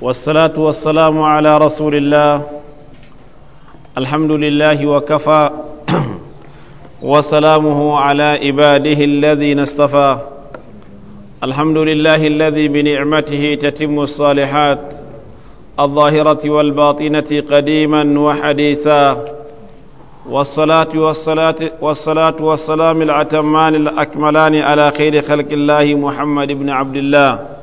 والصلاة والسلام على رسول الله الحمد لله وكفى وسلامه على عباده الذين اصطفى الحمد لله الذي بنعمته تتم الصالحات الظاهرة والباطنة قديما وحديثا والصلاة والصلاة والصلاة والسلام العتمان الأكملان على خير خلق الله محمد بن عبد الله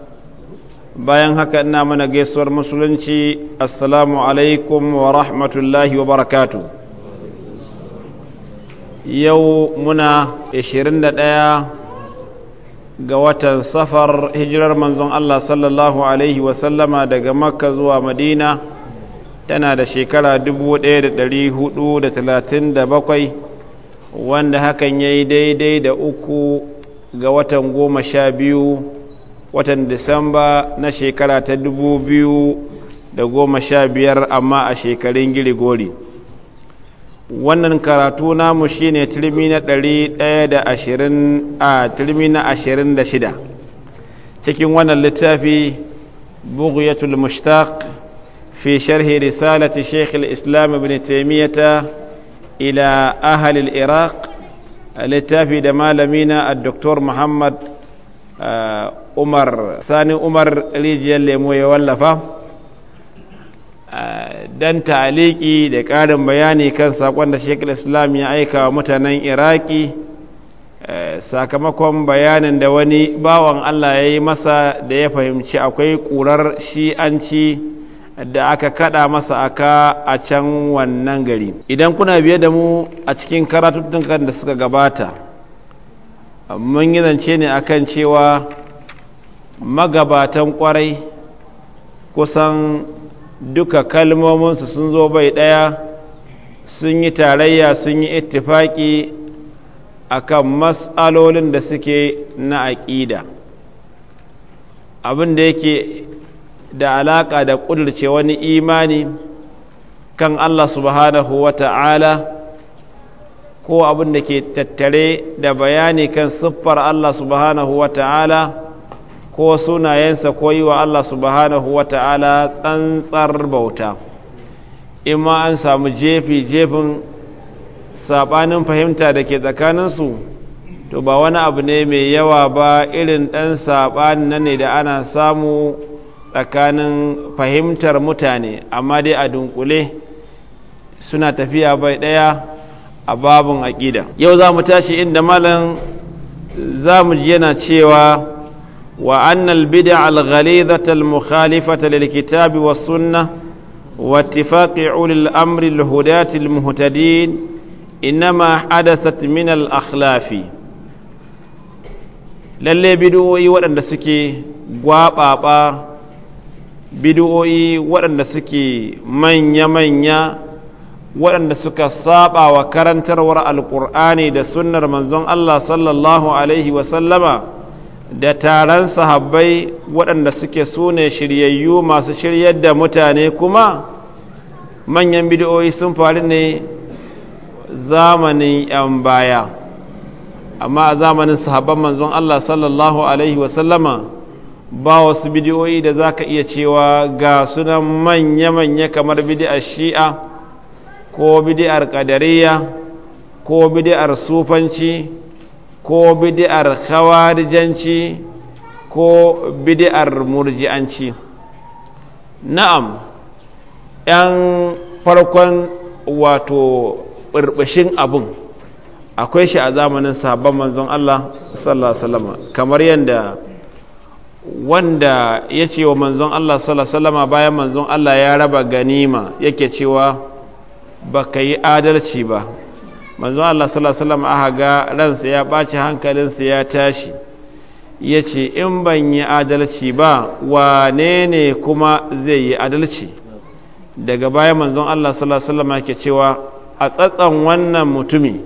bayan haka ina mana gaisuwar musulunci assalamu alaikum wa rahmatullahi wa barakatu yau muna 21 ga watan safar hijirar manzon Allah sallallahu alaihi sallama daga makka zuwa madina tana da shekara 1437 wanda hakan ya yi daidai da uku ga watan goma sha biyu watan disamba na shekara ta dubu biyu da goma sha biyar amma a shekarun girigori wannan karatu namu shine tilmi na ɗari ɗaya da ashirin a tilmi na ashirin da shida cikin wannan littafi bughyatul mushtaq fi sharhi risalati sheikh islam ibn taimiyata ila ahal iraq littafi da malamina a doktor muhammad Eh, umar sani umar rijiyar lemo ya wallafa eh, don taliki da ƙarin bayani kan saƙon da shekul islam ya aika wa mutanen iraki eh, sakamakon bayanin da wani bawan allah ya yi masa da ya fahimci akwai ƙurar shi'anci da aka kada masa aka a can wannan gari idan kuna biye da mu a cikin karatuttukan da suka gabata mun yi zance ne akan cewa magabatan kwarai kusan duka kalmominsu sun zo bai ɗaya sun yi tarayya sun yi ittifaki akan matsalolin da suke na aƙida abin da yake da alaƙa da ƙudurce wani imani kan Allah subhanahu wa ta'ala ko abin da ke tattare da bayani kan siffar Allah subhanahu wa ta'ala ko sunayensa ko yi wa Allah subhanahu wa ta'ala tsantsar bauta in ma an samu jefi jefin saɓanin fahimta da ke tsakaninsu to ba wani abu ne mai yawa ba irin ɗan saɓani na ne da ana samu tsakanin fahimtar mutane amma dai a dunkule suna tafiya bai ɗaya a babun aƙida yau za mu tashi inda malam za mu ji yana cewa wa annal bid'a al-ghalidhata al-mukhalifata lil kitabi wa sunnah wa ittifaqi ulil amri al-hudati al-muhtadin innama hadathat min al-akhlafi lalle bid'o'i waɗanda suke gwaɓaɓa bid'o'i waɗanda suke manya-manya waɗanda suka saba wa karantarwar alƙur'ani da sunnar manzon Allah sallallahu alaihi wasallama da taron sahabbai waɗanda suke sune shiryayyu masu shiryar da mutane kuma manyan bidiyoyi sun faru ne zamanin 'yan baya amma a zamanin sahabban manzon Allah sallallahu alaihi wasallama ba wasu bidiyoyi da za ka iya cewa ga sunan manya-manya kamar bidiyar shi'a ko bid'ar ƙadariya ko bid'ar sufanci ko bid'ar khawarijanci ko bid'ar murji'anci na'am yan farkon wato ɓirɓishin abun akwai shi a zamanin sabon manzon Allah sallallahu alaihi wasallam kamar yadda wanda ya ce wa manzon Allah sallallahu alaihi wasallam bayan manzon Allah ya raba ganima yake cewa baka yi adalci ba manzo Allah sallallahu alaihi wasallam aha ga ransa ya baci hankalinsa ya tashi Ya ce in ban yi adalci ba wane ne kuma zai yi adalci daga baya manzon Allah sallallahu alaihi wasallam yake cewa a tsatsan wannan mutumi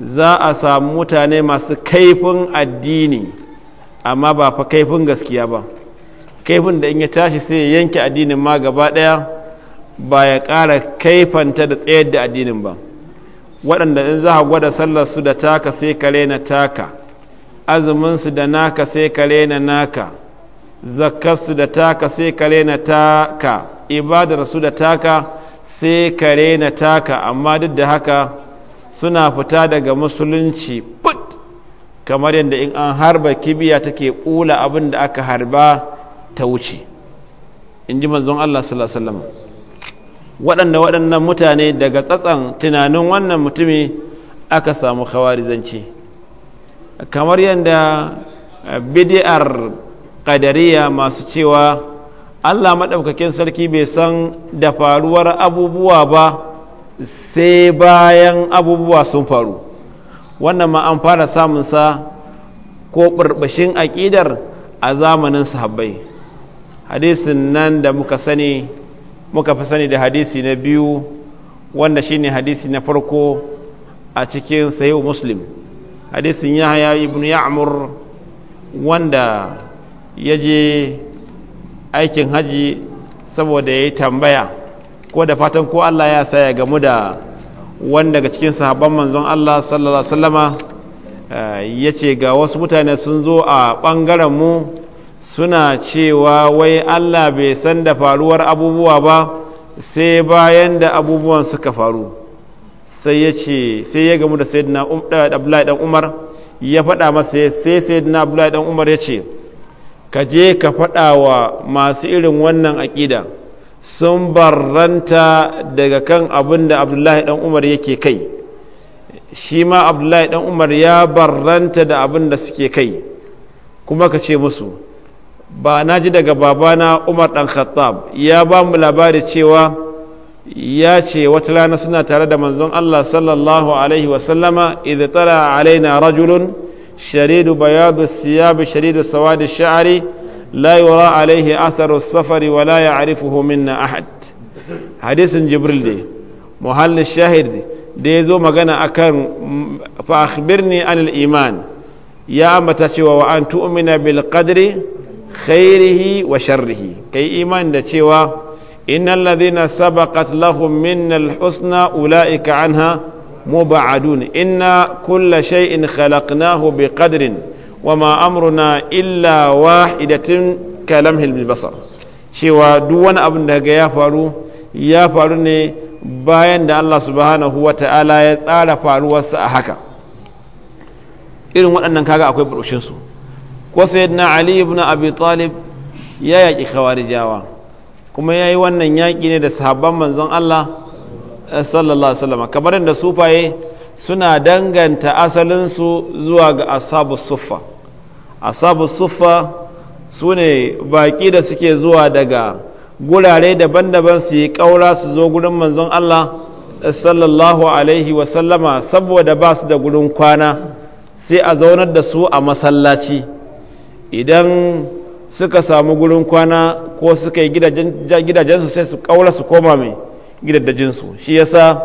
za a samu mutane masu kaifin addini amma ba fa kaifin gaskiya ba kaifin da in ya tashi sai ya yanke addinin ma gaba daya ba ya ƙara kaifanta da tsayar da addinin ba waɗanda in za a gwada sallarsu da taka sai ka rena taka azuminsu da naka sai ka rena naka su da taka sai ka rena taka ibadarsu da taka sai ka rena taka amma duk da haka suna fita daga musulunci put kamar yadda in an harba kibiya take ƙula abin da aka harba ta wuce in ji manzon Allah sallallahu alaihi wasallam waɗanda waɗannan mutane daga tsatsan tunanin wannan mutumi aka samu khawarizanci kamar yadda eh, bidiyar ƙadariya masu cewa allah maɗaukakin sarki bai san da faruwar abubuwa ba sai bayan abubuwa sun faru wannan ma an fara samunsa ko ɓarɓashin aƙidar a zamanin sahabbai hadisin nan da muka sani muka fi sani da hadisi na biyu wanda shine hadisi na farko a cikin sahihu muslim hadisin yahya ibn ya'mur wanda ya je aikin haji saboda ya yi tambaya ko da fatan ko Allah ya saya ya gamu da wanda daga cikin sahabban manzon Allah sallallahu alaihi eh, ya ce ga wasu mutane sun zo a ɓangaren mu suna cewa wai Allah bai san da faruwar abubuwa ba sai bayan da abubuwan suka faru sai ya ce sai ya gamu da sayyidina um, Abdullahi dan Umar ya faɗa masa sai sayyidina Abdullahi dan Umar ya ce ka je ka faɗa wa masu irin wannan aƙida sun barranta daga kan abin da Abdullahi dan Umar yake kai shi ma Abdullahi dan Umar ya barranta da abin da suke kai kuma ka ce musu ba na ji daga babana umar ɗan khattab ya ba mu labari cewa ya ce wata rana suna tare da manzon Allah sallallahu alaihi wasallama idh tala alaina rajulun sharidu bayadu siyab sharidu sawadi sha'ri la yura alaihi atharu safari wa la ya'rifuhu minna ahad hadisin jibril ne muhallin shahid da ya zo magana akan fa akhbirni anil iman ya amata cewa wa an tu'mina bil qadri khairihi wa sharrihi kai imani da cewa innal ladhina sabaqat lahum minnal husna ulaika anha mubadun inna kulla shay'in khalaqnahu biqadrin ma amruna illa wahidatin kalamhil basar cewa duk wani abin da ga ya faru ya faru ne bayan da Allah subhanahu wa ta'ala ya tsara faruwarsa a haka irin waɗannan kaga akwai su. ko sayyidina ali ibn abi talib ya yaƙi khawarijawa kuma ya yi wannan yaƙi ne da sahabban manzon Allah eh, sallallahu alaihi kamar da sufaye suna danganta asalinsu zuwa ga asabu suffa asabu suffa su ne baƙi da suke zuwa daga gurare daban-daban su yi ƙaura su zo gurin manzon Allah eh, sallallahu alaihi wasallama saboda ba su da gurin kwana sai a zaunar da su a masallaci idan suka samu gurin kwana ko suka yi gidajensu sai su kaura su koma mai gidajensu shi yasa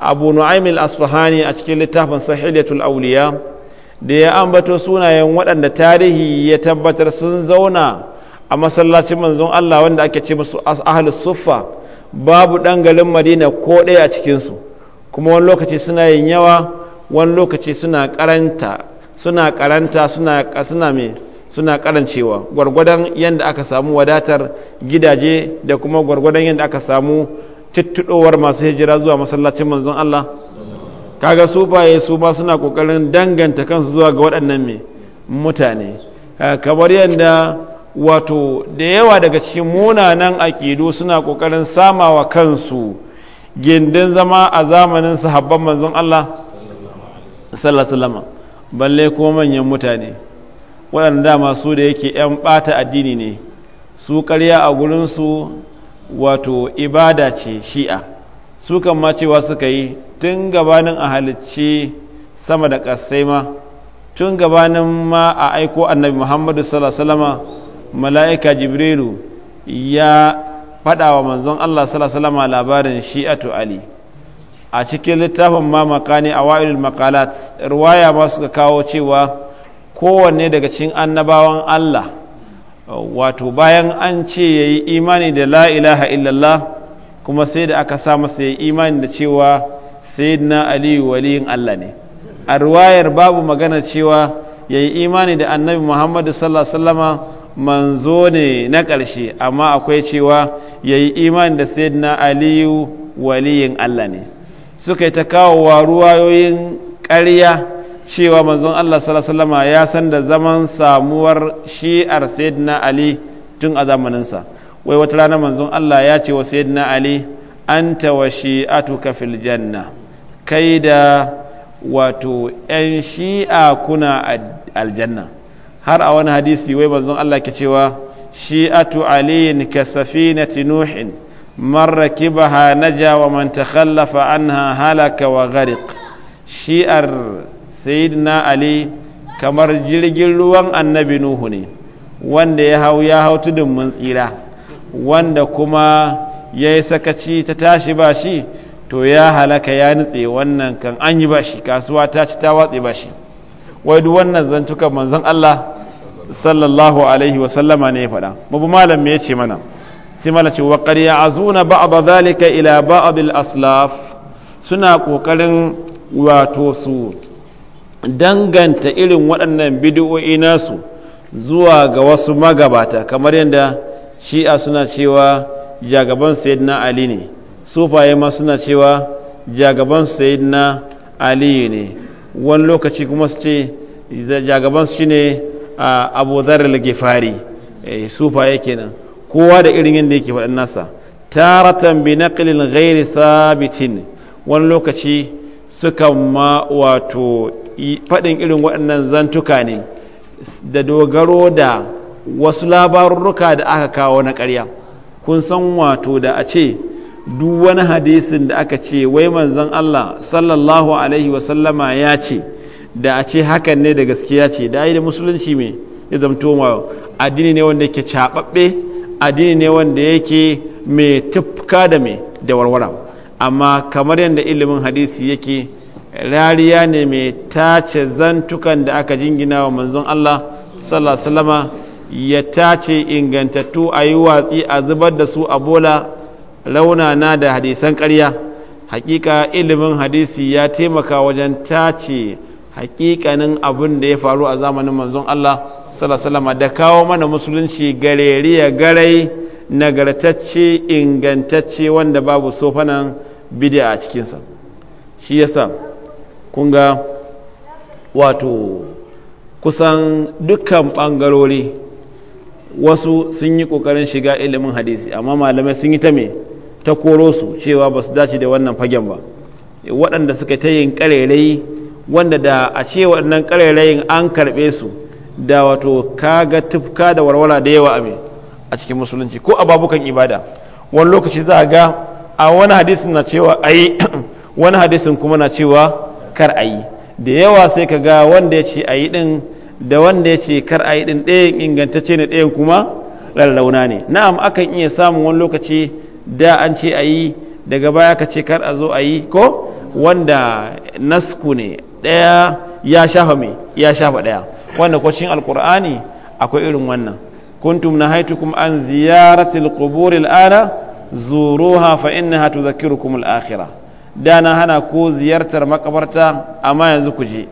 abu nu'aimil asfahani a cikin littafin sahiliyatul auliya da ya ambato sunayen waɗanda tarihi ya tabbatar sun zauna a masallacin manzon Allah wanda ake ce musu ahli suffa babu galin madina ko ɗaya a cikinsu kuma wani lokaci suna yin yawa wani lokaci suna karanta suna karanta suna suna mai suna karancewa gwargwadon yadda aka samu wadatar gidaje da kuma gwargwadon yadda aka samu tuttuɗowar masu hijira zuwa masallacin manzon Allah kaga su baye su ba suna kokarin danganta kansu zuwa ga waɗannan me mutane eh, kamar yadda wato da yawa daga cikin munanan aƙidu suna kokarin samawa kansu gindin zama a zamanin sahabban manzon Allah sallallahu alaihi wasallam balle ko manyan mutane waɗanda dama su da yake 'yan ɓata addini ne su karya a gurinsu wato ibada ce shi'a su kan ma cewa suka yi tun gabanin a halicci sama da ƙasai ma tun gabanin ma a aiko annabi muhammadu salasalama mala'ika jibrilu ya faɗa wa manzon allah salasalama labarin shi'atu ali a cikin littafin ma makani a wa'ilul makalat ruwaya ma suka kawo cewa kowanne daga cikin annabawan Allah wato bayan an ce ya yi imani da la ilaha illallah kuma sai da aka sa masa ya yi imani da cewa sayyidina aliyu waliyin Allah ne a ruwayar babu magana cewa ya yi imani da annabi muhammadu sallallahu manzo ne na ƙarshe amma akwai cewa ya yi imani da sayyidina aliyu waliyin Allah ne suka yi ta kawo ruwayoyin ƙarya cewa manzon Allah ya san da zaman samuwar shi'ar sayyidina Ali tun a zamaninsa wai wata rana manzon Allah ya ce wa sayyidina Ali anta wa shi'atuka fil janna kai da wato 'yan shi'a kuna aljanna har a wani hadisi wai manzon Allah ke cewa shi'atu aliyin ka safinati nuhin marra baha naja wa man takhallafa anha halaka wa gariq shi'ar sayyidina ali kamar jirgin ruwan annabi nuhu ne wanda ya hau ya hau tudun mun tsira wanda kuma ya yi sakaci ta tashi ba shi to ya halaka ya nutse wannan kan an yi ba shi kasuwa ta ci ta watse ba shi wai duk wannan zantukan manzon Allah sallallahu alaihi wa sallama ne ya faɗa mabu malam me yace mana sai mala ce wa ba a ba'd dhalika ila a bil aslaf suna kokarin wato su danganta irin waɗannan bidiyoyi nasu zuwa ga wasu magabata kamar yadda shi'a suna cewa jagaban na ali ne sufaye ma suna cewa jagaban na ali ne wani lokaci kuma su ce jagaban su ne a abu zarar gifari eh, sufaye kenan kowa da irin yadda yake faɗin nasa taratan bi naƙilin gairi sabitin wani lokaci sukan ma wato faɗin irin waɗannan zantuka ne da dogaro da wasu labarurruka da aka kawo na ƙarya kun san wato da a ce duk wani hadisin da aka ce wai manzon Allah sallallahu alaihi wasallama ya ce da a ce hakan ne da gaskiya ce da yi da musulunci me ya zamto ma addini ne wanda yake cababbe addini ne wanda yake mai tufka da mai da warwarawa amma kamar yadda ilimin hadisi yake rariya ne mai tace zantukan da aka jingina wa manzon Allah sallallahu ya tace ingantattu a yi watsi a zubar da su a bola raunana da hadisan karya hakika ilimin hadisi ya taimaka wajen tace hakikanin abin da ya faru a zamanin manzon Allah sallallahu da kawo mana musulunci gareriya garai nagartacce ingantacce wanda babu sofanan bidi'a a cikinsa shi yasa sa, "Kunga wato kusan dukkan ɓangarori wasu sun yi ƙoƙarin shiga ilimin hadisi amma malamai sun yi ta me ta koro su cewa ba su dace da wannan fagen ba waɗanda suka ta yin ƙarerai wanda da a ce waɗannan ƙarerayin an karɓe su da wato kaga tufka da warwara da yawa a a cikin musulunci ko a babukan ibada wani lokaci za a ga a wani hadisin na cewa ayi wani hadisin kuma na cewa kar a yi da yawa sai ka ga wanda ya ce a yi din da wanda ya ce kar a yi din ɗayan ingantacce ne ɗayan kuma lallauna ne na'am akan iya samun wani lokaci da an ce a yi daga baya ka ce kar a zo a yi ko wanda nasku ne ɗaya ya shafa me ya shafa ɗaya wanda kwacin alkur'ani akwai irin wannan kuntum nahaitukum an ziyarati alqubur al'ana zuruha fa innaha tudhakkirukum al-akhirah da na hana ko ziyartar makabarta amma yanzu ku je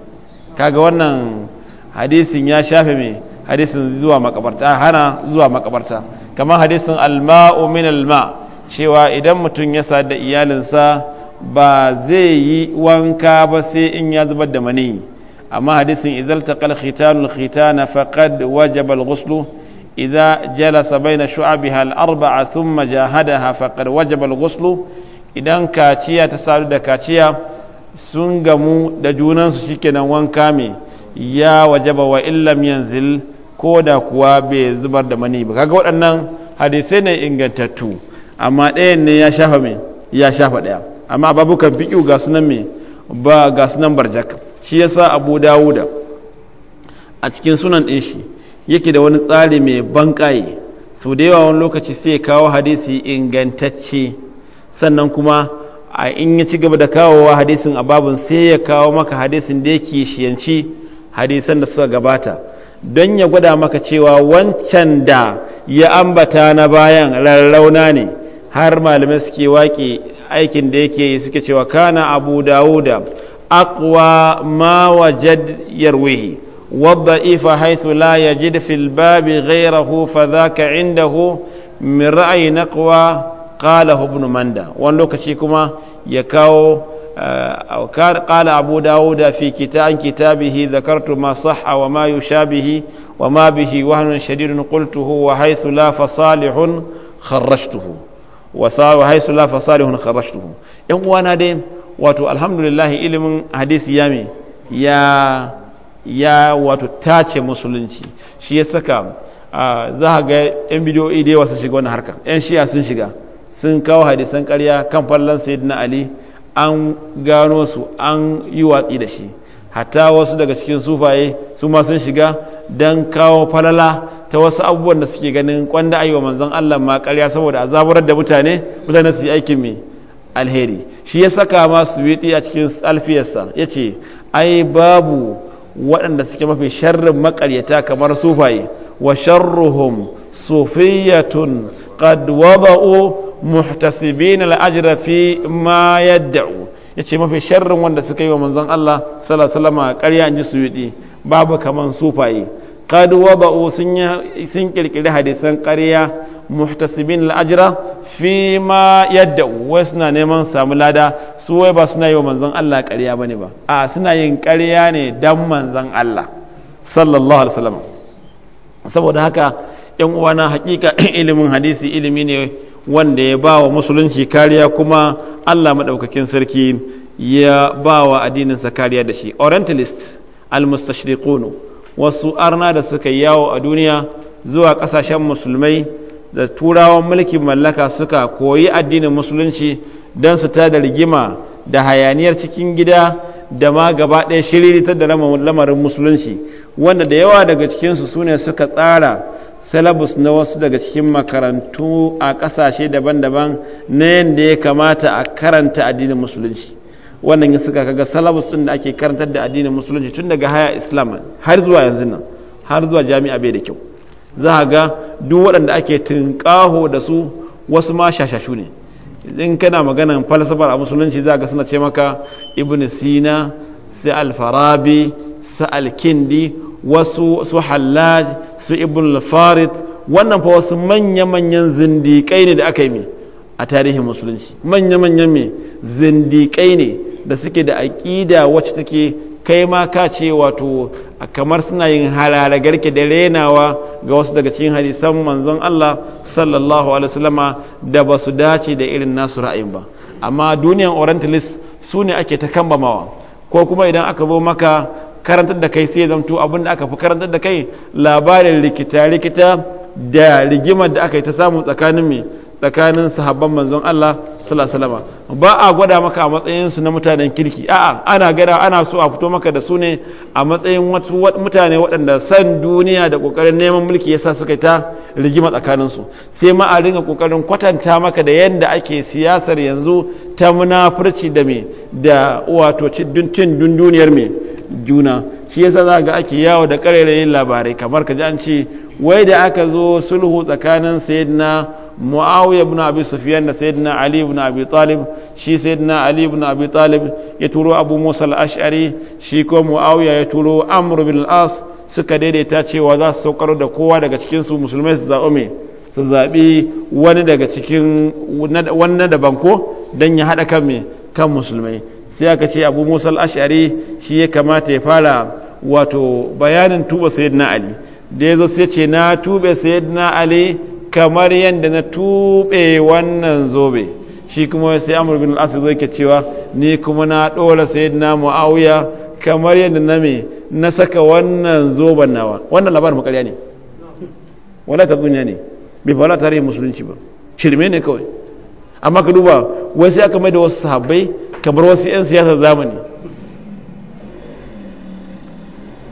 kaga wannan hadisin ya shafe me hadisin zuwa makabarta hana zuwa makabarta kamar hadisin alma'u min alma cewa idan mutum ya sadu da iyalinsa ba zai yi wanka ba sai in ya zubar da mani amma hadisin idal taqal khitanul khitana faqad wajaba al-ghuslu إذا جلس بين شعبها الأربعة ثم جاهدها فقد وجب الغسل kaciya كاتيا تسالد da سنغمو دجونان سشكنا وانكامي ya wajaba wa illam yanzil ko da kuwa bai zubar da mani ba kaga waɗannan hadisai ne ingantattu amma ɗaya ne ya shafa mai ya shafa ɗaya amma babukan fiƙi ga sunan mai ba ga sunan barjak shi yasa abu dawuda a cikin sunan ɗin yake da wani tsari mai banƙaye sau da yawa wani lokaci sai ya kawo hadisi ingantacce sannan kuma a in ya ci gaba da kawowa hadisin a babin sai ya kawo maka hadisin da yake shiyanci hadisan da suka gabata don ya gwada maka cewa wancan da ya ambata na bayan rarrauna ne har malamai suke wake aikin da yake yi suke cewa kana abu dawuda aqwa ma wajad yarwihi والضعيف حيث لا يجد في الباب غيره فذاك عنده من رأي نقوى قاله ابن مندى وانلوك شيكما يكاو أو قال أبو داود في كتاب كتابه ذكرت ما صح وما يشابه وما به وهن شديد قلته وحيث لا فصالح خرجته وحيث لا فصالح خرجته يقوانا دين واتو الحمد لله إلم حديث يامي يا ya wato tace musulunci shi ya saka za a ga yan bidiyo da yawa sun shiga wani harka yan shiya sun shiga sun kawo hadisan karya kan fallon sayyidina ali an gano su an yi watsi da shi hatta wasu daga cikin sufaye su ma sun shiga don kawo falala ta wasu abubuwan da suke ganin kwanda ayi wa manzon Allah ma karya saboda a zaburar da mutane mutane su yi aikin mai alheri shi ya saka ma su a cikin alfiyarsa ya ce ai babu waɗanda suke mafi sharrin makaryata kamar sufaye wa sharruhum sufiyatun qad wada'u muhtasibin al-ajra fi ma yad'u yace mafi sharrin wanda suka yi wa manzon Allah sallallahu alaihi wasallam ƙarya in ji babu kamar sufaye qad wada'u sun sun kirkiri hadisan ƙarya muhtasibin la'ajira fi ma yadda wai suna neman samu lada su wai ba suna yi wa manzan Allah ƙarya ba ne ba a suna yin ƙarya ne don manzan Allah sallallahu alaihi wasallam saboda haka yan uwana hakika ilimin hadisi ilimi ne wanda ya ba wa musulunci kariya kuma Allah maɗaukakin sarki ya ba wa addininsa kariya da shi orientalist al wasu arna da suka yawo a duniya zuwa ƙasashen musulmai da turawan mulkin mallaka suka koyi addinin musulunci don su da rigima da hayaniyar cikin gida da ma gaba ɗaya shiriritar da lamarin musulunci wanda da yawa daga cikinsu su ne suka tsara salabus na wasu daga cikin makarantu a ƙasashe daban-daban na yadda ya kamata a karanta addinin musulunci wannan yin suka kaga salabus ɗin da ake karantar da addinin musulunci tun daga haya islam har zuwa yanzu nan har zuwa jami'a bai da kyau za a ga duk waɗanda ake tunƙaho da su wasu ma shashashu ne in kana maganan falsafar a musulunci za ga suna ce maka ibn sina sai alfarabi sai alkindi wasu su hallaj su ibn farid wannan fa wasu manya-manyan zindiƙai ne da aka yi mai a tarihin musulunci manya-manyan mai zindiƙai ne da suke da aƙida wacce take kai ma ka ce wato kamar suna yin halala garke da renawa ga wasu daga cikin hadisan manzon Allah sallallahu alaihi wasallama da ba su dace da irin nasu ra'ayin ba amma duniyan orientalist su ne ake ta kambamawa ko kuma idan aka zo maka karantar da kai sai zamto abin da aka fi karantar da kai labarin rikita rikita da rigimar da aka yi ta samu tsakanin mai tsakanin sahabban manzon Allah sallallahu alaihi ba a gwada maka a matsayin su na mutanen kirki a'a ana gada ana so a fito maka da su ne a matsayin wasu mutane waɗanda san duniya da kokarin neman mulki yasa suka ta rigima tsakanin su sai ma a ringa kokarin kwatanta maka da yanda ake siyasar yanzu ta munafurci da me da wato cin duniyar me juna shi yasa za ga ake yawo da karerayin labarai kamar ka ji an ce wai da aka zo sulhu tsakanin sayyidina muawiya ibn abi sufyan da sayyidina ali ibn abi talib shi sayyidina ali ibn abi talib ya turo abu musa al-ash'ari shi ko muawiya ya turo amr bin al-as suka daidaita cewa za su saukar da kowa daga cikin su musulmai su zaɓi su zaɓi wani daga cikin wannan da banko don ya haɗa kan me kan musulmai sai aka ce abu musa al-ash'ari shi ya kamata ya fara wato bayanin tuba sayyidina ali da ya zo sai ce na tube sayyidina ali kamar yadda na tuɓe wannan zobe shi kuma sai amur bin al'asir zai ke cewa ni kuma na ɗora na mu'awiya kamar yadda na me na saka wannan zoben nawa wannan labarin makarya ne wala ta duniya ne bai fara tare musulunci ba shirme ne kawai amma ka duba wasu aka mai da wasu sahabbai kamar wasu 'yan siyasar zamani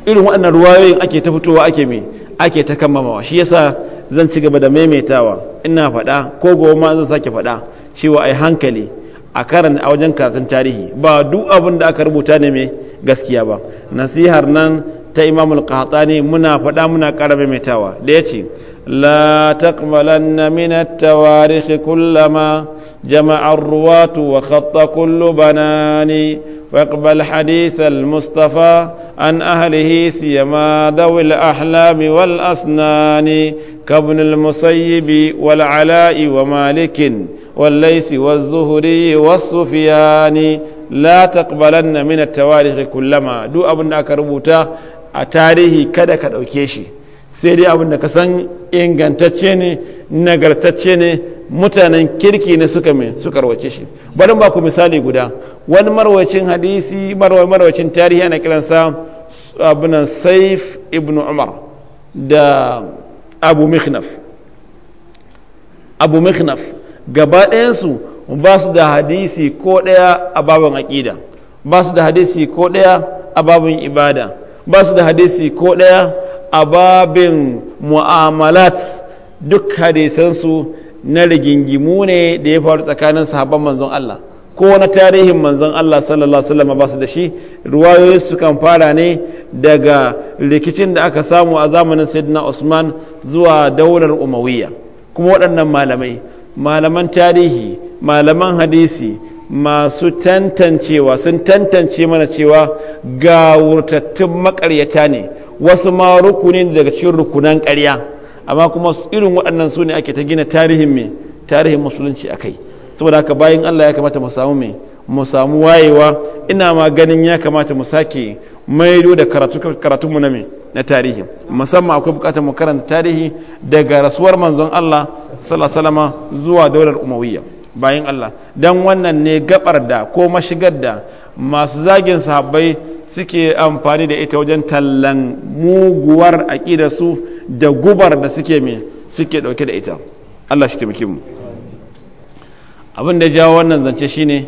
irin waɗannan ruwayoyin ake ta fitowa ake mai ake ta kammamawa shi yasa zan ci gaba da maimaitawa ina faɗa ko gobe ma zan sake faɗa cewa ai hankali a karan a wajen karatun tarihi ba duk abin da aka rubuta ne mai gaskiya ba nasihar nan ta imamul qahtani muna faɗa muna ƙara maimaitawa da yace la taqbalanna min at-tawarikh kullama جمع الرواة وخط كل بنان واقبل حديث المصطفى عن أهله سيما ذوي الأحلام والأسنان كابن المسيب والعلاء ومالك والليس والزهري والصفيان لا تقبلن من التواريخ كلما دو أبن أكربوتا أتاريه كذا كذا أوكيشي سيدي أبن abin da ka san ingantacce ne mutanen kirki ne suka mai suka rawace shi bari ba ku misali guda wani marwacin hadisi marwai marwacin tarihi na kiransa abunan saif ibn umar da abu mihnaf abu mihnaf gaba ɗayansu ba su da hadisi ko ɗaya a babin aƙida ba su da hadisi ko ɗaya a babin ibada ba su da hadisi ko ɗaya a babin mu'amalat duk hadisansu na rigingimu ne da ya faru tsakanin sahabban manzon Allah ko na tarihin manzon Allah sallallahu alaihi wasallam ba su da shi ruwayoyi su kan fara ne daga rikicin da aka samu a zamanin Sayyidina Usman zuwa daular Umayya kuma waɗannan malamai malaman tarihi malaman hadisi masu tantancewa sun tantance mana cewa ga wurtattun makaryata ne wasu ma rukuni daga cikin rukunan ƙarya amma kuma irin waɗannan su ne ake ta gina tarihin mai tarihin musulunci a kai saboda haka bayan allah ya kamata mu samu mai mu samu wayewa ina ma ganin ya kamata mu sake maido da karatunmu na mai na tarihi musamman akwai bukatar mu karanta tarihi daga rasuwar manzon allah salasalama zuwa daular umawiyya bayan allah don wannan ne gabar da ko mashigar da masu zagin sahabbai suke amfani da ita wajen tallan muguwar a su da gubar da suke mai suke dauke da ita Allah shi taimake mu abin da jawo wannan zance shine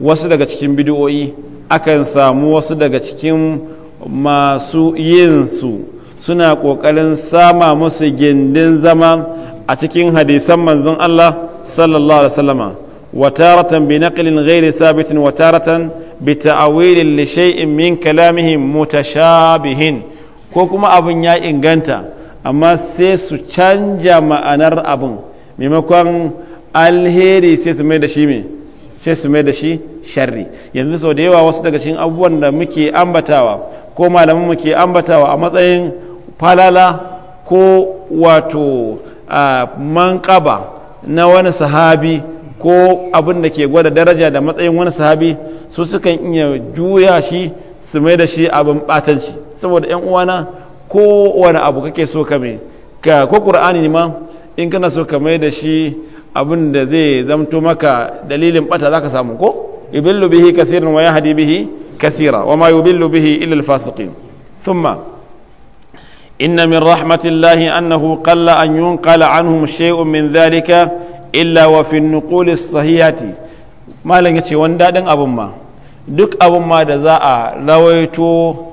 wasu daga cikin bidiyoyi akan samu wasu daga cikin masu yin su suna kokarin sama musu gindin zama a cikin hadisan manzon Allah sallallahu alaihi wasallama وتارة بنقل wataratan bi ta'wilin li shay'in min kalamihim mutashabihin ko kuma abin ya inganta amma sai su canja ma'anar abin maimakon alheri sai su mai da shi sai su mai da shi sharri yanzu sau da yawa wasu daga cikin abubuwan da muke ambatawa ko malamin muke ambatawa a matsayin falala ko wato manƙaba na wani sahabi ko abin da ke gwada daraja da matsayin wani sahabi su sukan iya juya shi su mai da shi abin ɓatanci saboda 'yan uwana kowane abu kake so ka mai ka ko qur'ani ma in kana so ka mai da shi abin da zai zamto maka dalilin bata zaka samu ko yubillu bihi kasirin wa yahdi bihi kaseera wa ma yubillu bihi illa al-fasiqin thumma إن من رحمة الله أنه قل أن ينقل عنهم شيء من ذلك إلا وفي النقول الصحيحة yace wanda وندادن أبو ma. duk abin ma da za a rawaito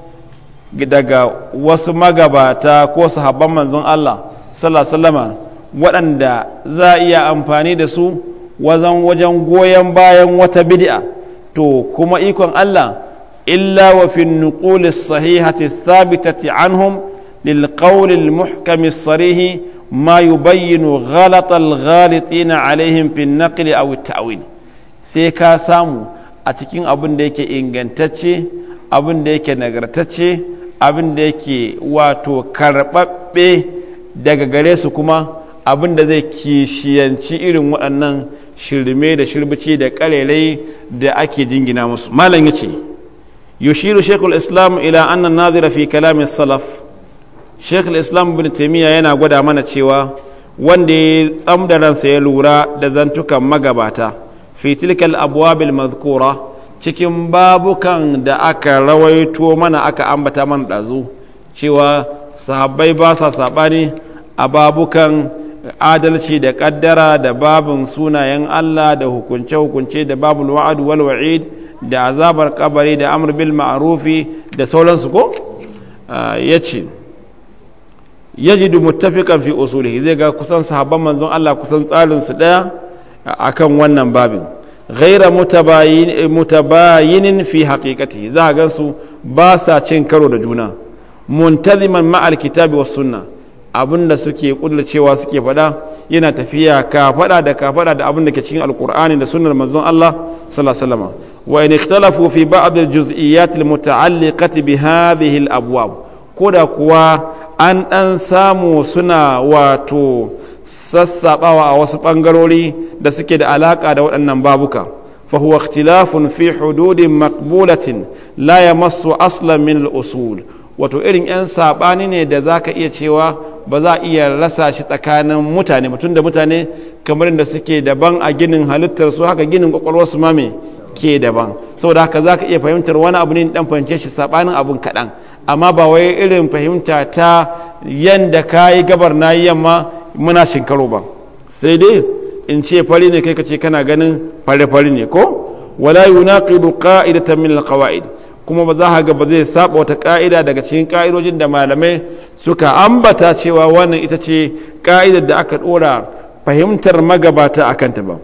daga wasu magabata ko sahabban manzon Allah sallama waɗanda za a iya amfani da su wajen wajen goyon bayan wata bid'a to kuma ikon Allah illa wa fi nuquli sahihati thabitati anhum lil qawli al muhkami sarihi ma yubayyinu ghalat al ghalitina alaihim fi naqli aw ta'wil sai ka samu a cikin abin da yake ingantacce abin da yake nagartacce abin da yake wato karɓaɓɓe daga gare su kuma abin da zai kishiyanci irin waɗannan shirme da shirbici da ƙarerai da ake jingina musu malam ya ce yushiru shekul islam ila annan nazira fi kalamin salaf shekul islam bin taimiyya yana gwada mana cewa wanda ya tsamda ya lura da zantukan magabata fi tilkal abwabil mazkura cikin babukan da aka rawaito mana aka ambata mana ɗazu cewa sahabbai ba sa saɓani a babukan adalci da ƙaddara da babin sunayen Allah da hukunce-hukunce da babul wa'ad wal da azabar kabari da amr bil ma'rufi da sauransu ko ah, ya ce yajidu muttafiqan fi usulihi zai ga kusan sahabban manzon Allah kusan tsarin su daya akan wannan babin ghaira eh, mutabayinin fi haqiqati za a gansu ba sa cin karo da juna muntaziman ma'al kitabi was sunna abinda suke cewa suke faɗa yana tafiya ka faɗa da ka faɗa da abin da ke cikin alkur'ani da sunnar manzon Allah sallallahu alaihi wa in ikhtalafu fi ba'd al-juz'iyyat al-muta'alliqati bi hadhihi al-abwab koda kuwa an dan samu suna wato sassaɓawa a wasu ɓangarori da suke da alaƙa da waɗannan babuka فهو اختلاف في makbulatin مقبولة لا masu أصلا من wato irin 'yan saɓani ne da za ka iya cewa ba za a iya rasa shi tsakanin mutane mutum da mutane kamar da suke daban a ginin halittar su haka ginin su ma ke daban saboda haka za ka iya fahimtar wani abu ne dan fahimce shi saɓanin abun kaɗan amma ba wai irin fahimta ta yanda ka yi gabar na yamma muna shinkaro ba sai dai in ce fari ne kai ka ce kana ganin fare-fare ne ko wala yunaqidu qa'idatan min alqawaid kuma ba za ka ga ba zai saba wata ka'ida daga cikin ka'idojin da malamai suka ambata cewa wannan ita ce ka'idar da aka dora fahimtar magabata akan ta ba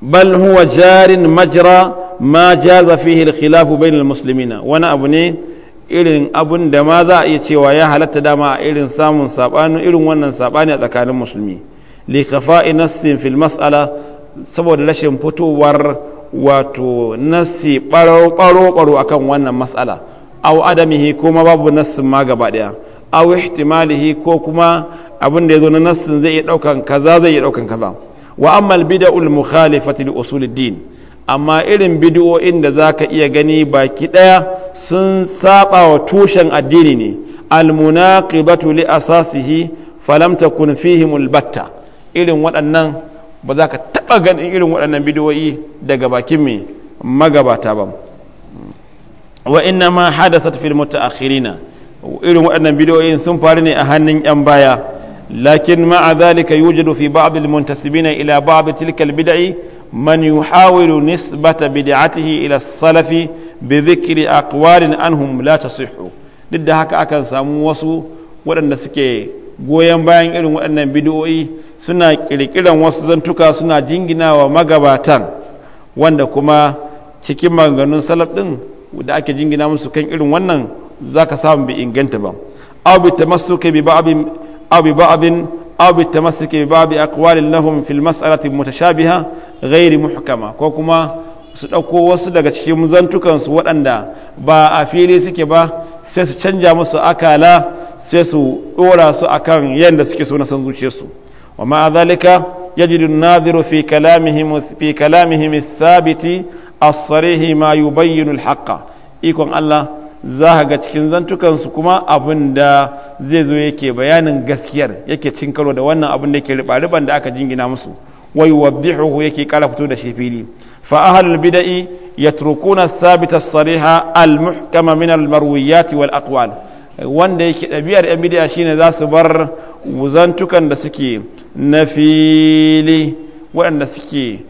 bal huwa jarin majra ma jaza fihi alkhilafu bainal muslimina wani abu ne irin abin da ma za a iya cewa ya halatta dama a irin samun sabanin irin wannan saɓani a tsakanin musulmi li kafa'i fil mas'ala saboda rashin fitowar wato nassi baro baro akan wannan mas'ala au adamihi kuma babu nassin ma gaba ɗaya au ihtimalihi ko kuma abin da yazo na nassin zai iya ɗaukan kaza zai iya ɗaukan kaza wa ammal bida'ul bid'ul mukhalifati li usulid din amma irin bidiyoyin da za ka iya gani baki ɗaya sun saba wa tushen addini ne almunaqidatu li asasihi falam takun fihim albatta irin waɗannan ba za ka taɓa ganin irin waɗannan bidiyoyi daga bakin mai magabata ba wa inna ma hadasat fil mutaakhirina irin waɗannan bidiyoyin sun faru ne a hannun yan baya lakin ma'a zalika yujadu fi ba'd almuntasibina ila ba'd tilka albid'i من يحاول نسبة بدعته إلى السلف بذكر أقوال أنهم لا تصح duk da haka سامو samu wasu waɗanda suke goyon bayan irin waɗannan bidiyoyi suna ƙirƙiran wasu zantuka suna jinginawa magabatan wanda kuma cikin maganganun salaf ɗin da ake jingina musu kan irin wannan za ka samu bi inganta ba aw bi tamassuki bi ba'din aw bi masu ke bi tamassuki bi ba'di aqwalin lahum fil mas'alati mutashabiha ghairi muhkama ko kuma su ɗauko wasu daga cikin zantukansu waɗanda ba a fili suke ba sai su canja musu akala sai su ɗora su akan yadda suke so na san zuciyarsu wa ma zalika yajidu nadhiru fi kalamihim fi kalamihim thabiti as-sarih ma yubayyinu al-haqqa ikon Allah za ka ga cikin zantukansu kuma abin da zai zo yake bayanin gaskiyar yake cin karo da wannan abin da yake riba riban da aka jingina musu wa yuwaddihuhu yake kara fito da shi fili fa ahlul bid'i yatrukuna thabita as-sariha al-muhkama min al-marwiyat wal aqwal wanda yake ɗabi'ar yan bid'a shine za su bar wuzantukan da suke na fili waɗanda suke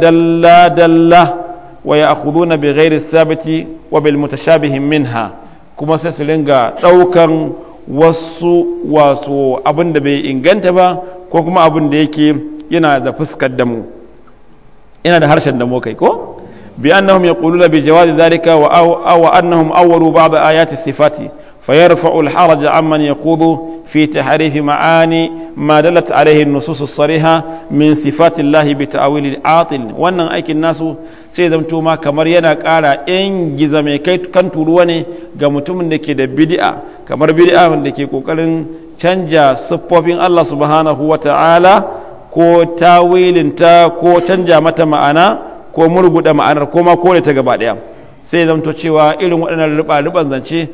dalla dalla wa ya'khuduna bi ghairi thabiti wa bil mutashabihi minha kuma sai su ɗaukan wasu wasu abin da bai inganta ba ko kuma abin da yake yana da fuskar damu yana da harshen damu kai ko bi annahum yaquluna bi wa aw annahum awwalu ayati sifati fayarfa'u al-haraj amman yaqulu fi tahrif ma'ani ma min sifati bi ta'wil atil wannan aikin nasu sai zamto ma kamar yana kara in mai kai kan turuwa ne ga mutumin da da bid'a kamar bid'a wanda ke kokarin canja siffofin Allah subhanahu ko tawilinta ko canja mata ma'ana ko murguda ma'anar ko ma kone ta gaba daya sai zamto cewa irin waɗannan ruɓa-ruɓan zance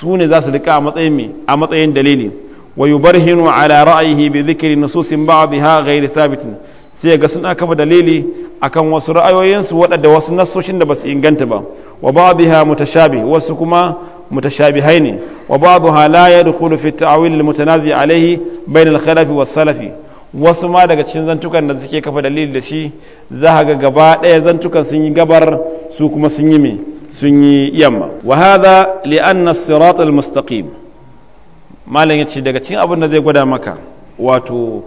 su ne za su rika a matsayin a matsayin dalili wa yubarhinu ala ra'ayihi bi dhikri nususin ba'dha ghayr thabitin sai ga suna kafa dalili akan wasu ra'ayoyinsu waɗanda wasu nassoshin da basu inganta ba wa ba'dha mutashabih wasu kuma mutashabihai ne wa ba'dha la yadkhulu fi tawil al-mutanazi alayhi bayna al-khalafi was-salafi wasu ma daga cikin zantukan da suke kafa dalili da shi za ga gaba ɗaya zantukan sun yi gabar su kuma sun yi sun yi yamma wa hadha li anna sirat al mustaqim malam yace daga cikin abin da zai gwada maka wato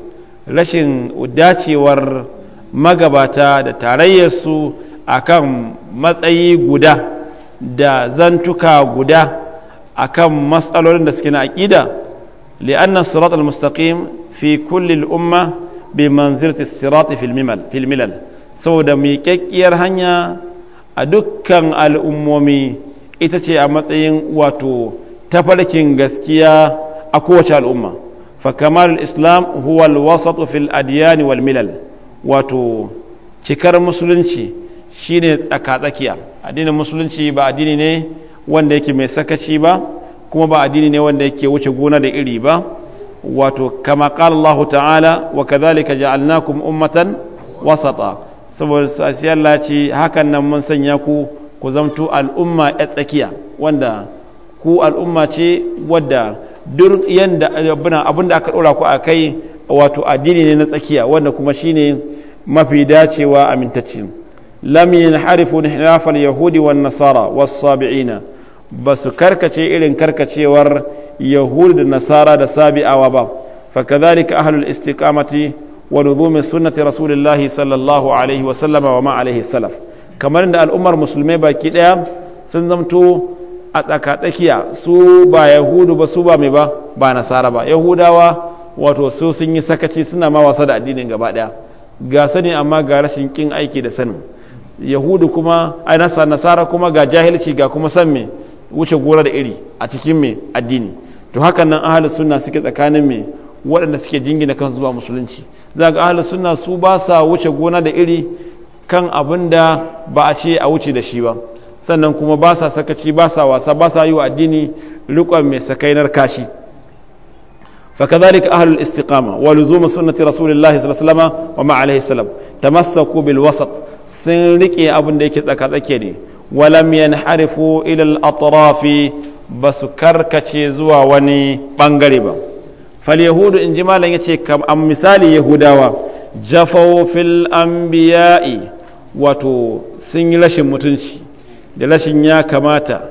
rashin dacewar magabata da tarayyar su akan matsayi guda da zantuka guda akan matsalolin da suke na aqida li anna sirat al mustaqim fi kulli umma bi manzilati sirati fil milal fil milal saboda miƙaƙƙiyar hanya a dukkan al'ummomi ita ce a matsayin wato tafarkin gaskiya a kowace al'umma fa kamar islam huwa alwasatu fil adiyani wal milal wato cikar musulunci shine tsakiya addinin musulunci ba addini ne wanda yake mai sakaci ba kuma ba addini ne wanda yake wuce gona da iri ba wato kama qala Allah ta'ala wa kadhalika ja'alnakum ummatan wasata saboda sai Allah ce hakan nan mun sanya ku ku zamto al'umma ya tsakiya wanda ku al'umma ce wadda duk yanda abinda aka dora ku akai wato addini ne na tsakiya wanda kuma shine mafi dacewa amintacce lam yanharifu inhirafal yahudi wan nasara was sabiina basu karkace irin karkacewar yahudu da nasara da sabi'awa ba fakadhalika ahlul istiqamati wa nuzumi sunnati rasulillahi sallallahu alaihi wa sallama wa ma salaf kamar da al'ummar musulmai baki daya sun zamto a tsakatsakiya su ba yahudu ba su ba mai ba ba nasara ba yahudawa wato su sun yi sakaci suna ma wasa da addinin gaba daya ga sani amma ga rashin kin aiki da sanin yahudu kuma a nasara kuma ga jahilci ga kuma san me wuce gora da iri a cikin me addini to hakan nan ahalus sunna suke tsakanin me waɗanda suke jingina kan zuwa musulunci za ga ahalus sunna su ba sa wuce gona da iri kan abin da ba a ce a wuce da shi ba sannan kuma ba sa sakaci ba sa wasa ba sa yi wa addini riƙon mai sakainar kashi فكذلك أهل الاستقامة ولزوم سنة رسول الله صلى الله عليه وسلم وما عليه السلام تمسكوا بالوسط سنركي أبن ديك تكتكني ولم ينحرفوا إلى الأطراف ba su karkace zuwa wani bangare ba fal yahudu in ji malam yace kam misali yahudawa jafaw fil anbiya'i wato sun yi rashin mutunci da rashin ya kamata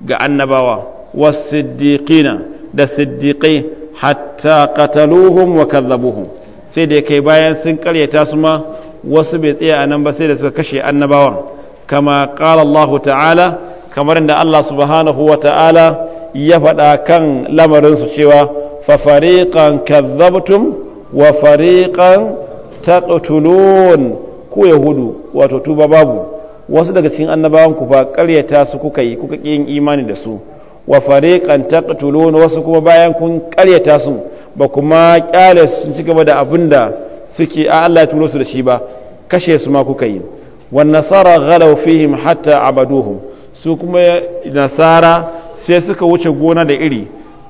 ga annabawa wasiddiqina da siddiqai hatta qataluhum wa kadhabuhum sai da kai bayan sun karyata su ma wasu bai tsaya a nan ba sai da suka kashe annabawan kama qala Allahu ta'ala kamar da Allah subhanahu wa ta'ala ya faɗa kan lamarinsu cewa fa fariƙan kazzabtum wa fariƙan taqtulun ku yahudu wato tuba babu wasu daga cikin annabawan ku ba ƙaryata su kuka yi kuka yin imani da su wa fariqan taqtulun wasu kuma bayan kun ƙaryata su ba kuma ƙyale su ci gaba da abinda suke a Allah ya turo su da shi ba kashe su ma kuka yi wan nasara ghalaw fihim hatta abaduhum su kuma nasara sai suka wuce gona da iri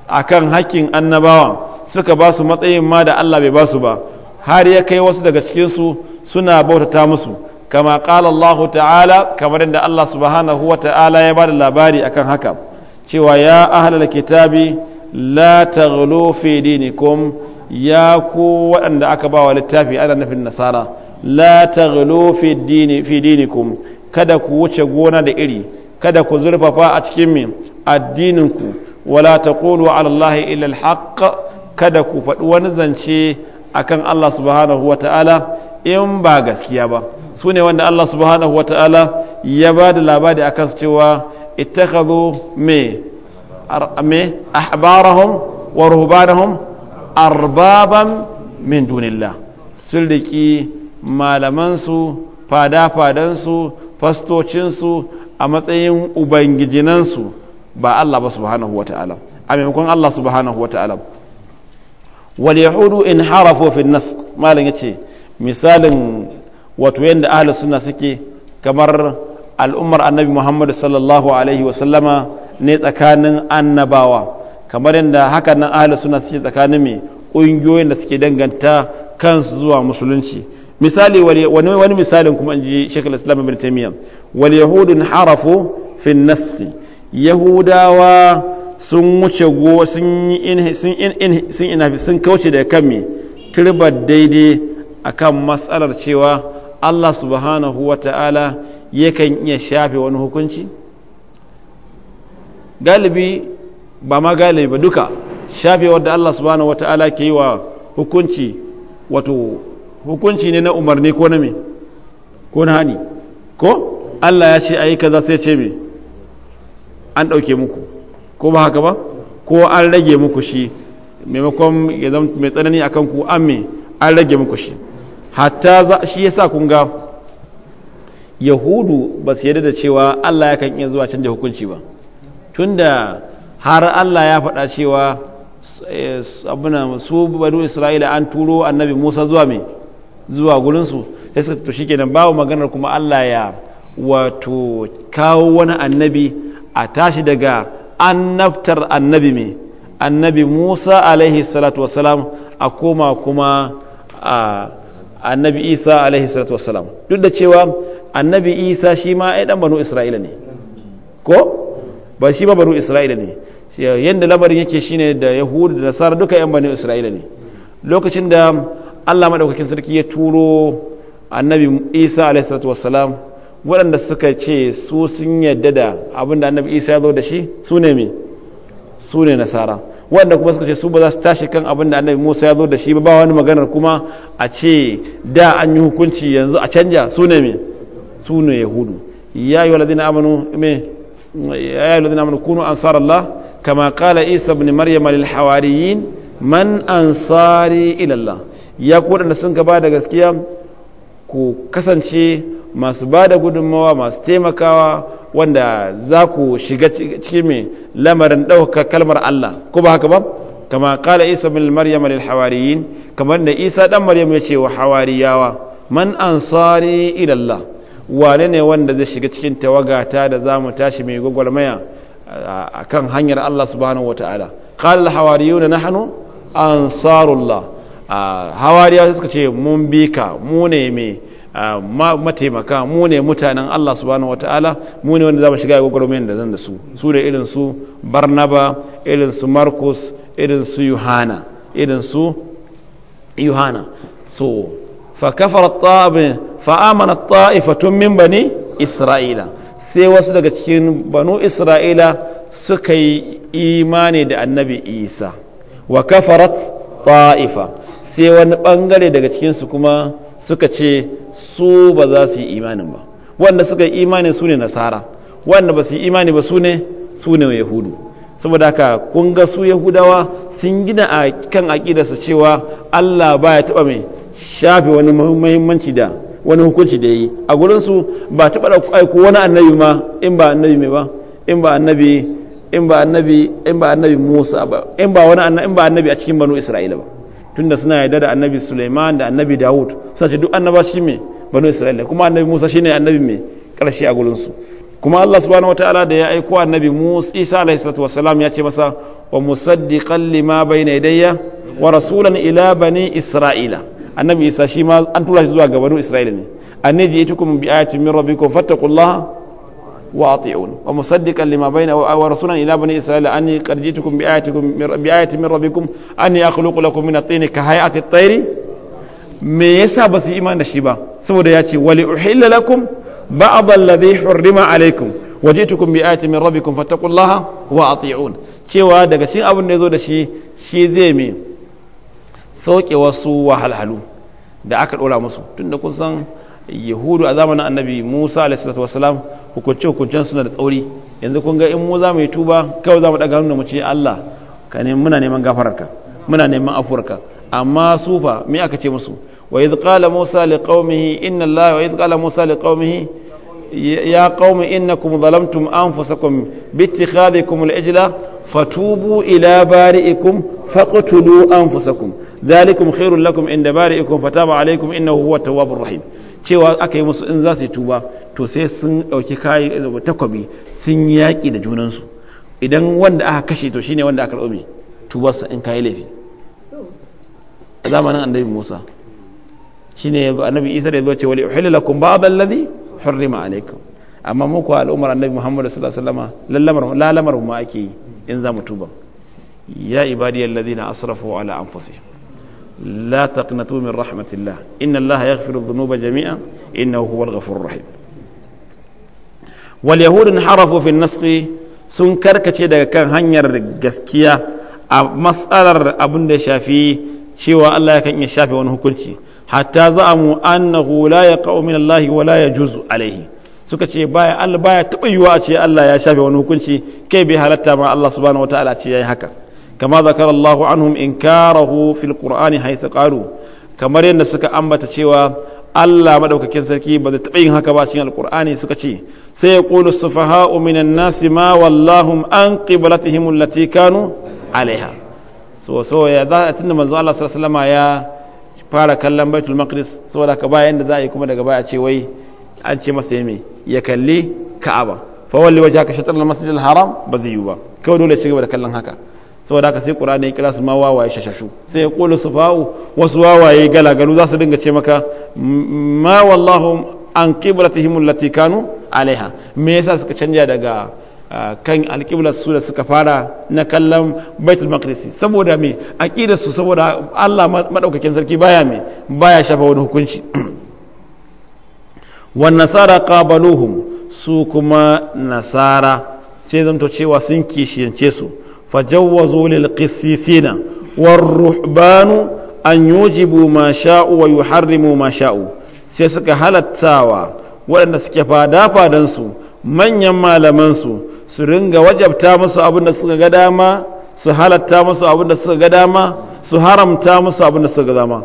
akan hakkin annabawan suka ba su matsayin ma da Allah bai ba su ba har ya kai wasu daga cikinsu suna bautata musu kama ƙala Allah ta'ala kamar yadda Allah subhanahu wa ta'ala ya ba da labari akan haka cewa ya ahalar kitabi la taghlu fi dinikum ya ku waɗanda aka ba wa littafi ana nufin nasara la taghlu fi dinikum kada ku wuce gona da iri kada ku zurfafa a cikin min addininku wala taqulu ala allahi illa alhaq kada ku faɗi wani zance akan Allah subhanahu wata'ala in ba gaskiya ba su ne wanda Allah subhanahu wata'ala ya ba da labari akan su cewa ittakhadhu me me ahbarahum wa ruhbanahum arbaban min dunillah sun riƙi malamansu fada-fadansu fastocinsu a matsayin ubangijinansu ba Allah ba subhanahu wa ta'ala a maimakon Allah subhanahu wa ta'ala wal yahudu in harafu fi nas malam yace misalin wato yanda ahlus sunna suke kamar al'ummar annabi Muhammad sallallahu alaihi wa sallama ne tsakanin annabawa kamar yadda haka nan suna sunna suke tsakanin mai ƙungiyoyin da suke danganta kansu zuwa musulunci misali wani misalin kuma ji Sheikh islam Ibn Taymiyyah wal yahudun harafu fi yahudawa sun wuce go sun yi sun sun ina kauce da kan me turbar daidai akan matsalar cewa Allah subhanahu wa ta'ala yakan iya shafe wani hukunci galibi ba ma galibi ba duka shafe wadda Allah subhanahu wa ta'ala ke yi wa hukunci wato hukunci ne na umarni ko na me ko na hani ko Allah ya ce ayi kaza sai ce me an ɗauke muku ko ba haka ba ko an rage muku shi maimakon ya zama mai tsanani a kanku an me an rage muku shi hatta shi ya sa kun ga yahudu ba su yadda da cewa Allah ya kan iya zuwa canja hukunci ba tunda har Allah ya faɗa cewa eh, abuna su banu Isra'ila an turo annabi Musa zuwa mai zuwa gurinsu sai suka to shikenan babu maganar kuma Allah ya wato kawo wani annabi a tashi daga annabtar annabi mai annabi Musa alaihi salatu wasalam a koma kuma a annabi Isa alaihi salatu wasalam duk da cewa annabi Isa shi ma ya dan banu Isra'ila ne ko ba shi ba banu Isra'ila ne yadda labarin yake shine da Yahudu da Nasara duka yan banu Isra'ila ne lokacin da Allah madaukakin sarki ya turo annabi Isa alaihi salatu wassalam waɗanda suka ce su sun yadda da abinda annabi Isa ya zo da shi su ne mi su ne nasara waɗanda kuma suka ce su ba za su tashi kan abinda annabi Musa ya zo da shi ba ba wani maganar kuma a ce da an yi hukunci yanzu a canja su ne mi su ne yahudu ya yi waladina amanu me ya yi waladina amanu kunu allah kama kala isa bin maryam lil hawariyin man ansari ilallah ya kodanda sun gaba da gaskiya ku kasance masu ba da gudunmawa masu taimakawa wanda za ku shiga cikin mai lamarin ɗaukar kalmar Allah ko ba haka ba kama kala isa min maryam lil hawariyin kamar da isa dan maryam ya ce wa hawariyawa man ansari ila Allah wane ne wanda zai shiga cikin tawagata da za mu tashi mai gwagwarmaya a kan hanyar Allah subhanahu wa ta'ala qala al hawariyuna nahnu ansarullah hawariya suka ce mun bi ka mu ne mai mataimaka mu ne mutanen Allah subhanahu wataala mu ne wanda za mu shiga gwagwarmayin da zan da su su da irin su barnaba irin su marcus irin su yohana irin su yohana so fa kafara ta'abin fa amana ta'ifatun min bani isra'ila sai wasu daga cikin banu isra'ila suka yi imani da annabi isa wa kafarat ta'ifa sai wani bangare daga cikinsu kuma suka ce su ba za su yi imanin ba wanda suka yi imani su ne nasara wanda ba su yi imani ba su ne su ne yahudu saboda haka kun ga su yahudawa sun gina a kan aƙidarsu cewa allah ba ya taɓa mai shafe wani muhimmanci da wani hukunci da ya yi a gurinsu ba taɓa aiko wani annabi ma in ba annabi mai ba in ba annabi in ba annabi in ba annabi musa ba in ba wani in ba annabi a cikin banu isra'ila ba tunda suna yarda da annabi Sulaiman da annabi Dawud suna ce duk annaba shi mai banu Isra'ila kuma annabi Musa shine annabi mai karshe a gurin su kuma Allah subhanahu wataala da ya aiko annabi Musa Isa alaihi salatu wassalam ya ce masa wa musaddiqan lima bayna yadayya wa rasulan ila bani Isra'ila annabi Isa shi ma an tura shi zuwa ga banu Isra'ila ne annabi ya tukum bi ayatin min rabbikum fattaqullaha واطيعون ومصدقا لما بين ورسولا الى بني اسرائيل اني قد جئتكم باياتكم بايه من ربكم اني اخلق لكم من الطين كهيئه الطير me yasa ba su yi iman da shi ba saboda ya ce wali uhilla lakum ba'd alladhi hurrima alaikum wajitukum bi ayatin min rabbikum fattaqullaha wa ati'un cewa daga cikin abin da zo da shi shi zai me sauke wasu wahalhalu da aka dora musu tunda kun san yahudu a zamanin annabi musa a.s.w. wasalam hukunce hukuncen suna da tsauri yanzu kun ga in mu za mu yi tuba kawai za mu daga hannu mu ce allah ka ne muna neman gafararka muna neman afurka amma sufa me aka ce musu wa idh qala musa liqaumihi inna allaha wa idh qala musa liqaumihi ya qaumi innakum zalamtum anfusakum bi ittikhadhikum al-ijla fatubu ila bari'ikum faqtulu anfusakum dhalikum khairul lakum inda bari'ikum fataba alaykum innahu huwa at-tawwabur rahim cewa aka yi musu in za su yi tuba to sai sun ɗauki kayi eh, takobi sun yi yaƙi da junansu idan wanda aka kashe to shine wanda aka laumi tubarsa in kayi laifi a zamanin annabi musa shine annabi isa da ya zo ce wali uhilla lakum ba'd alladhi hurrima alaikum amma mu ko al'ummar annabi muhammad sallallahu alaihi wasallam lalamar mu ake yi in za mu tuba ya ibadiyal ladina asrafu ala anfusihim لا تقنطوا من رحمة الله إن الله يغفر الذنوب جميعا إنه هو الغفور الرحيم واليهود انحرفوا في النسخ سنكر كشيدا كان هنير جسكيا مسألة أبن شافي شوى الله كان يشافي ونهكنشي حتى زعموا أنه لا يقع من الله ولا يجوز عليه suka ce baya Allah baya taɓa yiwuwa a ce Allah ya shafe wani hukunci ke bai halatta ma Allah subhanahu كما ذكر الله عنهم إنكاره في القرآن حيث قالوا كما رأينا سكا أمبت شوى Allah madaukakin sarki ba zai taɓa yin haka ba cikin alkur'ani suka ce sai ya ƙulu sufaha'u minan nasi ma wallahum an qiblatihim allati kanu alaiha so so ya za a tunda manzo Allah sallallahu alaihi ya fara kallon Baitul Maqdis saboda ka bayan da za a yi kuma daga baya ce wai an ce masa yame ya kalli Ka'aba fa walli wajhaka shatr haram ba zai yi ba dole ci gaba da kallon haka saboda haka sai qur'ani ya kira su ma wawaye shashashu sai ya kula su fa'u wasu wawaye galagalu za su dinga ce maka ma wallahu an qiblatihim allati kanu alaiha me yasa suka canja daga ah, kan alƙibla su da suka fara na kallon baitul maqdisi saboda me aqidar su saboda Allah madaukakin sarki baya me baya shafa wani hukunci wan nasara qabaluhum su kuma nasara sai zanto cewa sun kishiyance su فجوزوا للقسيسين والرهبان أن يوجبوا ما شاءوا ويحرموا ما شاءوا سيسك هلت ساوى وأن سك فادا فادنسو من يما لمنسو سرنغ وجب تامس أبن سك قداما سهلت تامس أبن سك قداما سهرم تامس أبن سك قداما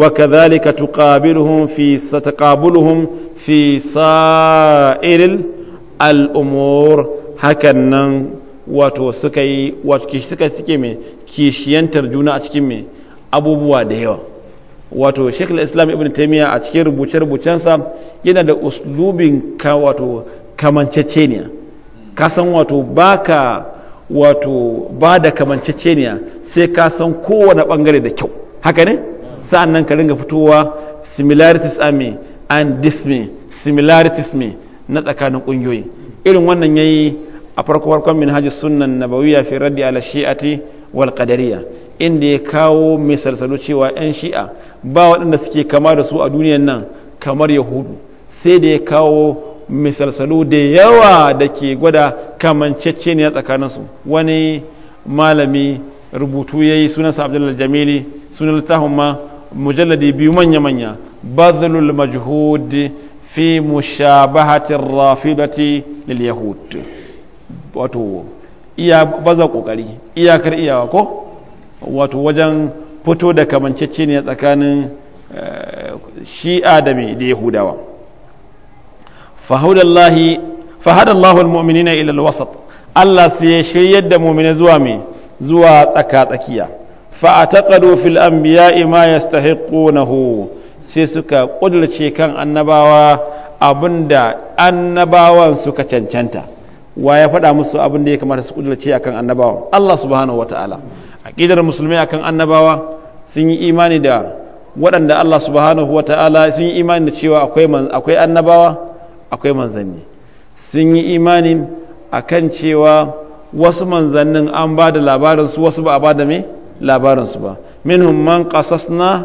وكذلك تقابلهم في ستقابلهم في سائر الأمور هكذا wato suka yi wato kishtuka suke mai kishiyantar juna a cikin mai abubuwa da yawa wato shekul islam ibn taimiyya a cikin rubuce-rubucensa yana da uslubin ka wato ne ka san wato ba ka wato ba da ne sai ka san kowane bangare da kyau haka ne sa'an nan ka ringa fitowa similarities are and this similarities me na tsakanin ƙungiyoyi irin wannan yayi a farko farkon minhajus sunnan nabawiyya fi raddi ala shi'ati wal qadariyya inda ya kawo misalsalu cewa yan shi'a ba waɗanda suke kama da su a duniyan nan kamar yahudu sai da ya kawo misalsalu da yawa da ke gwada kamancece ne a tsakaninsu wani malami rubutu ya yi sunansa abdullal jamili sunan littafin ma mujalladi biyu manya-manya bazlul majhud fi mushabahatin rafidati lil yahud wato iya baza kokari iyakar iyawa ko wato wajen fito da ne tsakanin eh, shi'a da mai da yahudawa fahadallahi fahadallahu almu'minina ila alwasat Allah sai ya shiryar da mu'mina zuwa mai zuwa tsaka tsakiya fa ataqadu fil anbiya'i ma yastahiqunahu sai suka kudurce kan annabawa abinda annabawan suka cancanta wa ya faɗa musu abin da ya kamata su a akan annabawa Allah subhanahu wataala aqidar musulmai akan annabawa sun yi imani da waɗanda Allah subhanahu wataala sun yi imani da cewa akwai akwai annabawa akwai manzanni sun yi imani akan cewa wasu manzannin an ba da labarin su wasu ba a ba da me labarin su ba minhum man qasasna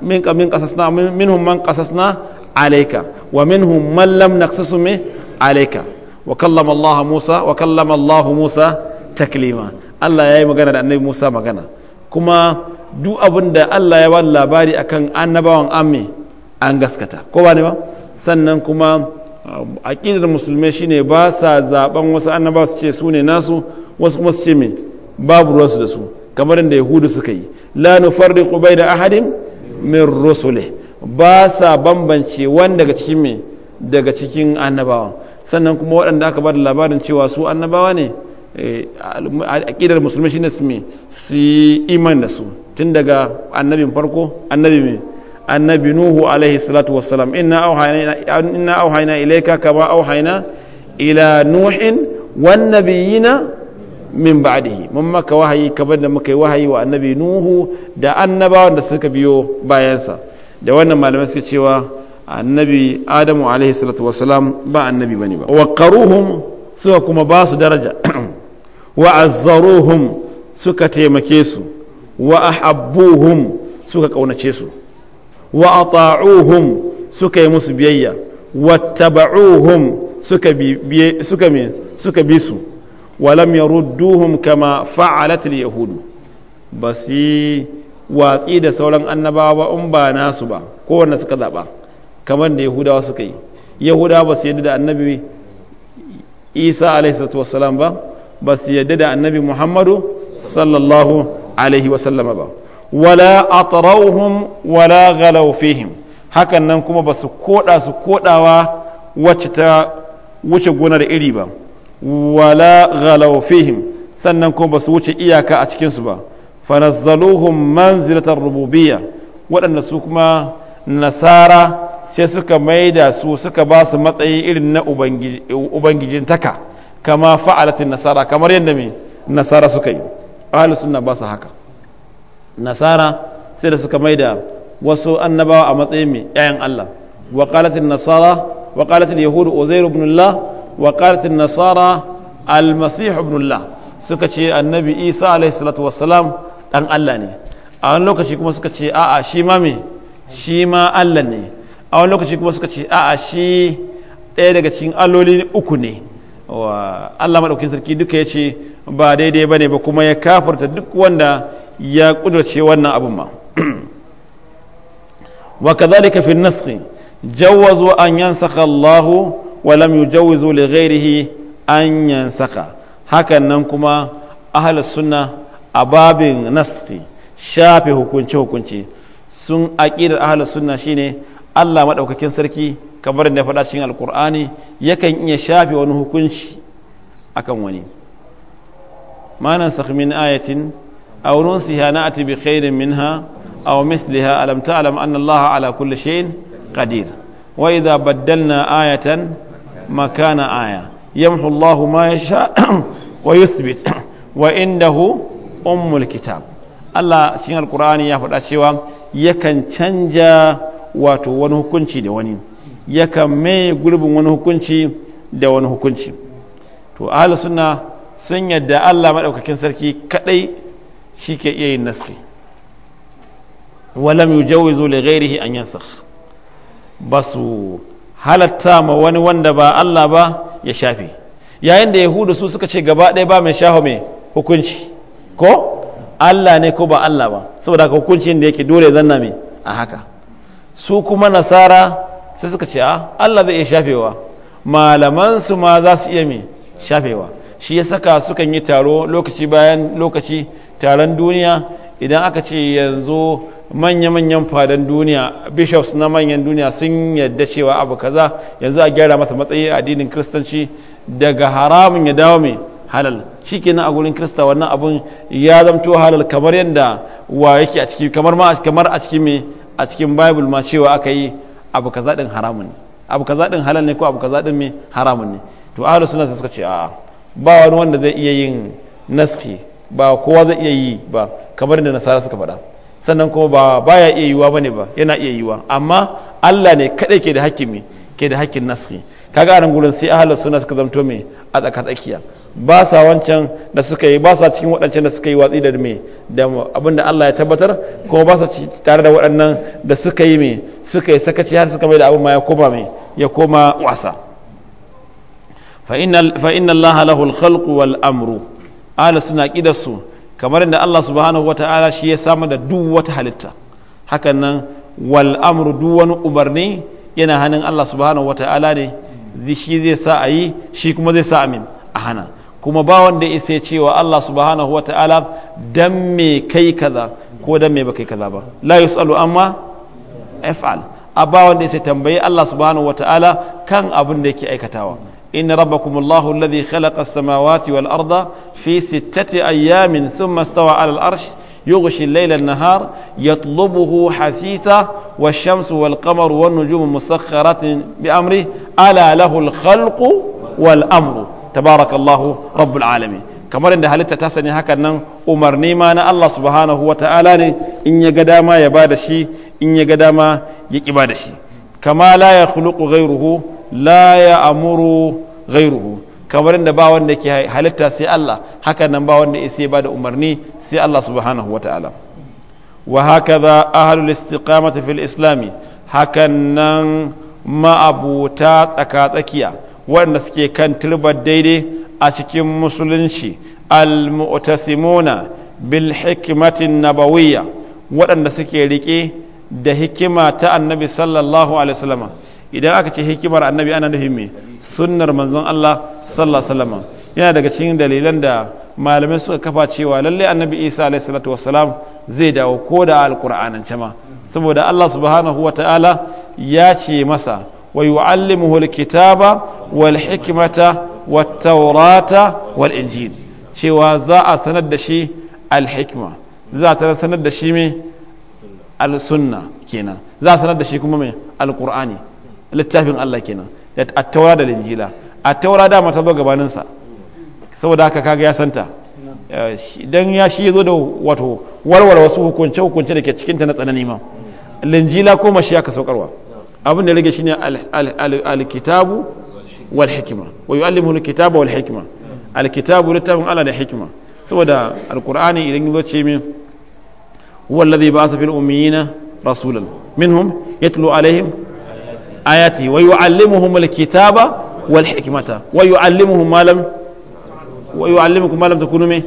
min min qasasna minhum man qasasna alayka wa minhum man lam naqsasu me alayka wa kallama Allah Musa wa kallama Allah Musa taklima Allah ya yi magana da annabi Musa magana kuma duk abin da Allah ya bani labari akan annabawan amme an gaskata ko ba ne ba sannan kuma um, aqidar musulmai shine ba sa zaben wasu annaba su ce nasu wasu kuma su ce me babu ruwansu da su kamar da yahudu suka yi la nufarriqu bayna ahadin min rusulih ba sa bambance wanda daga cikin me daga cikin annabawan sannan kuma waɗanda aka ba da labarin cewa su annabawa ne eh, aƙidar musulmi shine su su yi iman da su tun daga annabin farko annabi mai annabi nuhu alaihi salatu wassalam inna auhayna ilaika kama auhayna ila nuhin wan nabiyina min ba'dihi mun maka wahayi kamar da muka yi wahayi wa annabi nuhu da annabawan da suka biyo bayansa da wannan malamai suka cewa annabi adamu alaihi salatu wasalam ba annabi bane ba waqaruhum suka kuma ba su daraja wa azzaruhum suka taimake su wa ahabbuhum suka kaunace su wa ata'uhum suka yi musu biyayya wattaba'uhum suka bi suka me suka bi su wa lam yarudduhum kama fa'alat al-yahud basi watsi da sauran annabawa in ba nasu ba kowanne suka zaba kamar da yahudawa suka yi yahudawa ba su yadda da annabi isa alaihissalatu wassalam ba ba su yadda da annabi muhammadu sallallahu alaihi wasallama ba wala atarauhum wala ghalau fihim hakan nan kuma ba su koda su kodawa wacce ta wuce gonar iri ba wala ghalau fihim sannan kuma ba su wuce iyaka a cikinsu ba fanazzaluhum manzilatar rububiyya waɗanda su kuma nasara sai suka maida su suka ba su matsayi irin na ubangijin taka kama fa'alatin nasara kamar yadda mai nasara suka yi ahalus suna ba su haka nasara sai da suka maida wasu annabawa a matsayin mai yayan Allah Waƙalatin nasara waƙalatin Yahudu yahud Ibnullah, waƙalatin nasara al Ibnullah, suka ce annabi Isa alaihi salatu wassalam dan Allah ne a wani lokaci kuma suka ce a'a shi ma me shi ma Allah ne a wani lokaci kuma suka ce a'a shi ɗaya daga cikin alloli uku ne wa Allah madaukakin sarki duka ya ce ba daidai ba ne ba kuma ya kafarta duk wanda ya ƙudurce wannan abin ma wa kadhalika fi naski nasakh jawazu an saka allahu wa lam yujawizu li gairihi an saka hakan nan kuma ahli sunna a babin naski shafe hukunci hukunci sun aƙidar suna sunna shine Allah maɗaukakin sarki kamar da faɗa cikin alkur'ani yakan iya shafe wani hukunci akan wani manan min ayatin aw nunsiha na'ti bi khairin minha aw alamta alam ta'lam Allah ala kulli shay'in qadir wa idha baddalna ayatan makana aya yamhu Allah ma yasha wa yuthbit wa indahu ummul kitab Allah cikin alkur'ani ya faɗa cewa yakan canja wato wani hukunci da wani yakan mai gurbin wani hukunci da wani hukunci to ahlus sunna sun yadda Allah madaukakin sarki kadai ke iya yin nasri walam yujawizu li ghairihi an yansakh basu halatta ma wani wanda ba Allah ba ya shafe yayin da yahudu su suka ce gaba ɗaya ba mai shaho mai hukunci ko Allah ne ko ba Allah ba saboda hukuncin da yake dole zanna mai a haka su kuma nasara sai suka ce Allah zai iya shafewa malamansu ma za su iya mai shafewa shi ya saka sukan yi taro lokaci bayan lokaci taron duniya idan aka ce yanzu manya-manyan fadan duniya bishops na manyan duniya sun yadda cewa abu kaza yanzu a gyara mata matsayi a addinin kristanci daga haramun ya dawo mai halal shi kenan a gurin krista wannan abun ya zamto halal kamar yadda wa yake a ciki kamar a ciki mai a cikin bible ma cewa aka yi abu ka zaɗin haramun ne abu ka zaɗin halal ne ko abu ka zaɗin mai haramun ne to ahlus suna suka ce a'a ba wani wanda zai iya yin naski ba kowa zai iya yi ba kamar da nasara suka faɗa sannan kuma ba baya iya yiwa bane ba yana iya yiwa amma Allah ne kadai ke da hakimi ke da hakkin naski kaga anan gurin sai ahlus suna suka zamto me a tsakatsakiya ba sa wancan da suka yi ba sa cikin waɗancan da suka yi watsi da me da abinda Allah ya tabbatar kuma ba sa tare da waɗannan da suka yi me suka yi sakaci har suka mai da abin ma ya koma me ya koma wasa fa inna Allah lahul khalqu wal amru ala suna su kamar inda Allah subhanahu wata'ala shi ya samu da duk wata halitta hakan nan wal amru duk wani umarni yana hannun Allah subhanahu wata'ala ne shi zai sa a yi shi kuma zai sa amin a hana kuma ba wanda ya sai cewa Allah subhanahu wa ta'ala dan me kai kaza ko dan me ba kai kaza ba la yusalu amma af'al a ba wanda ya sai tambayi Allah subhanahu wa ta'ala kan abin da yake aikatawa إن ربكم الله الذي خلق السماوات والأرض في ستة أيام ثم استوى على الأرش يغشي الليل النهار يطلبه حثيثا والشمس والقمر والنجوم مسخرات بأمره ألا له الخلق والأمر tabarakallahu rabbul alamin kamar inda halitta ta sani hakan nan umarni ma na Allah subhanahu ta'ala ne in ya ga dama ya bada shi in ya ga dama ya kiba da shi kama la ya khuluqu ghayruhu la ya amuru ghayruhu kamar inda ba wanda ke halitta sai Allah hakan nan ba wanda sai bada umarni sai Allah subhanahu ta'ala. wa hakaza ahlul istiqamati fil islami hakan nan ma'abuta tsaka tsakiya Waɗanda suke kan tilbar daidai a cikin musulunci al-mu'tasimuna bil hikmatin nabawiyya waɗanda suke rike da hikima ta annabi sallallahu alaihi wasallam idan aka ce hikimar annabi ana nufin me sunnar manzon Allah sallallahu alaihi wasallam yana daga cikin dalilan da malamai suka kafa cewa lalle annabi Isa alaihi salatu wasallam zai dawo ko da alqur'anance ma saboda Allah subhanahu wataala ya ce masa ويعلمه الكتاب والحكمة والتوراة والإنجيل شوى زاء سند شي الحكمة زاء سند شي مي السنة كينا زاء سند شي كما مي القرآن littafin الله kenan التوراة taura التوراة linjila a taura dama ta zo gabaninsa saboda haka kaga ya shi zo da wato warware wasu hukunce hukunce da ke cikin ta na tsanani ma linjila ko mashi ka saukarwa abin da rage shi ne alkitabu wal hikima wa yu'allimuhu alkitaba wal hikima alkitabu littafin Allah da hikima saboda alqur'ani idan yazo ce min huwa alladhi na fil ummiyina rasulan minhum yatlu alaihim ayati wa yu'allimuhum alkitaba wal hikmata wa yu'allimuhum ma lam wa yu'allimukum ma lam takunu me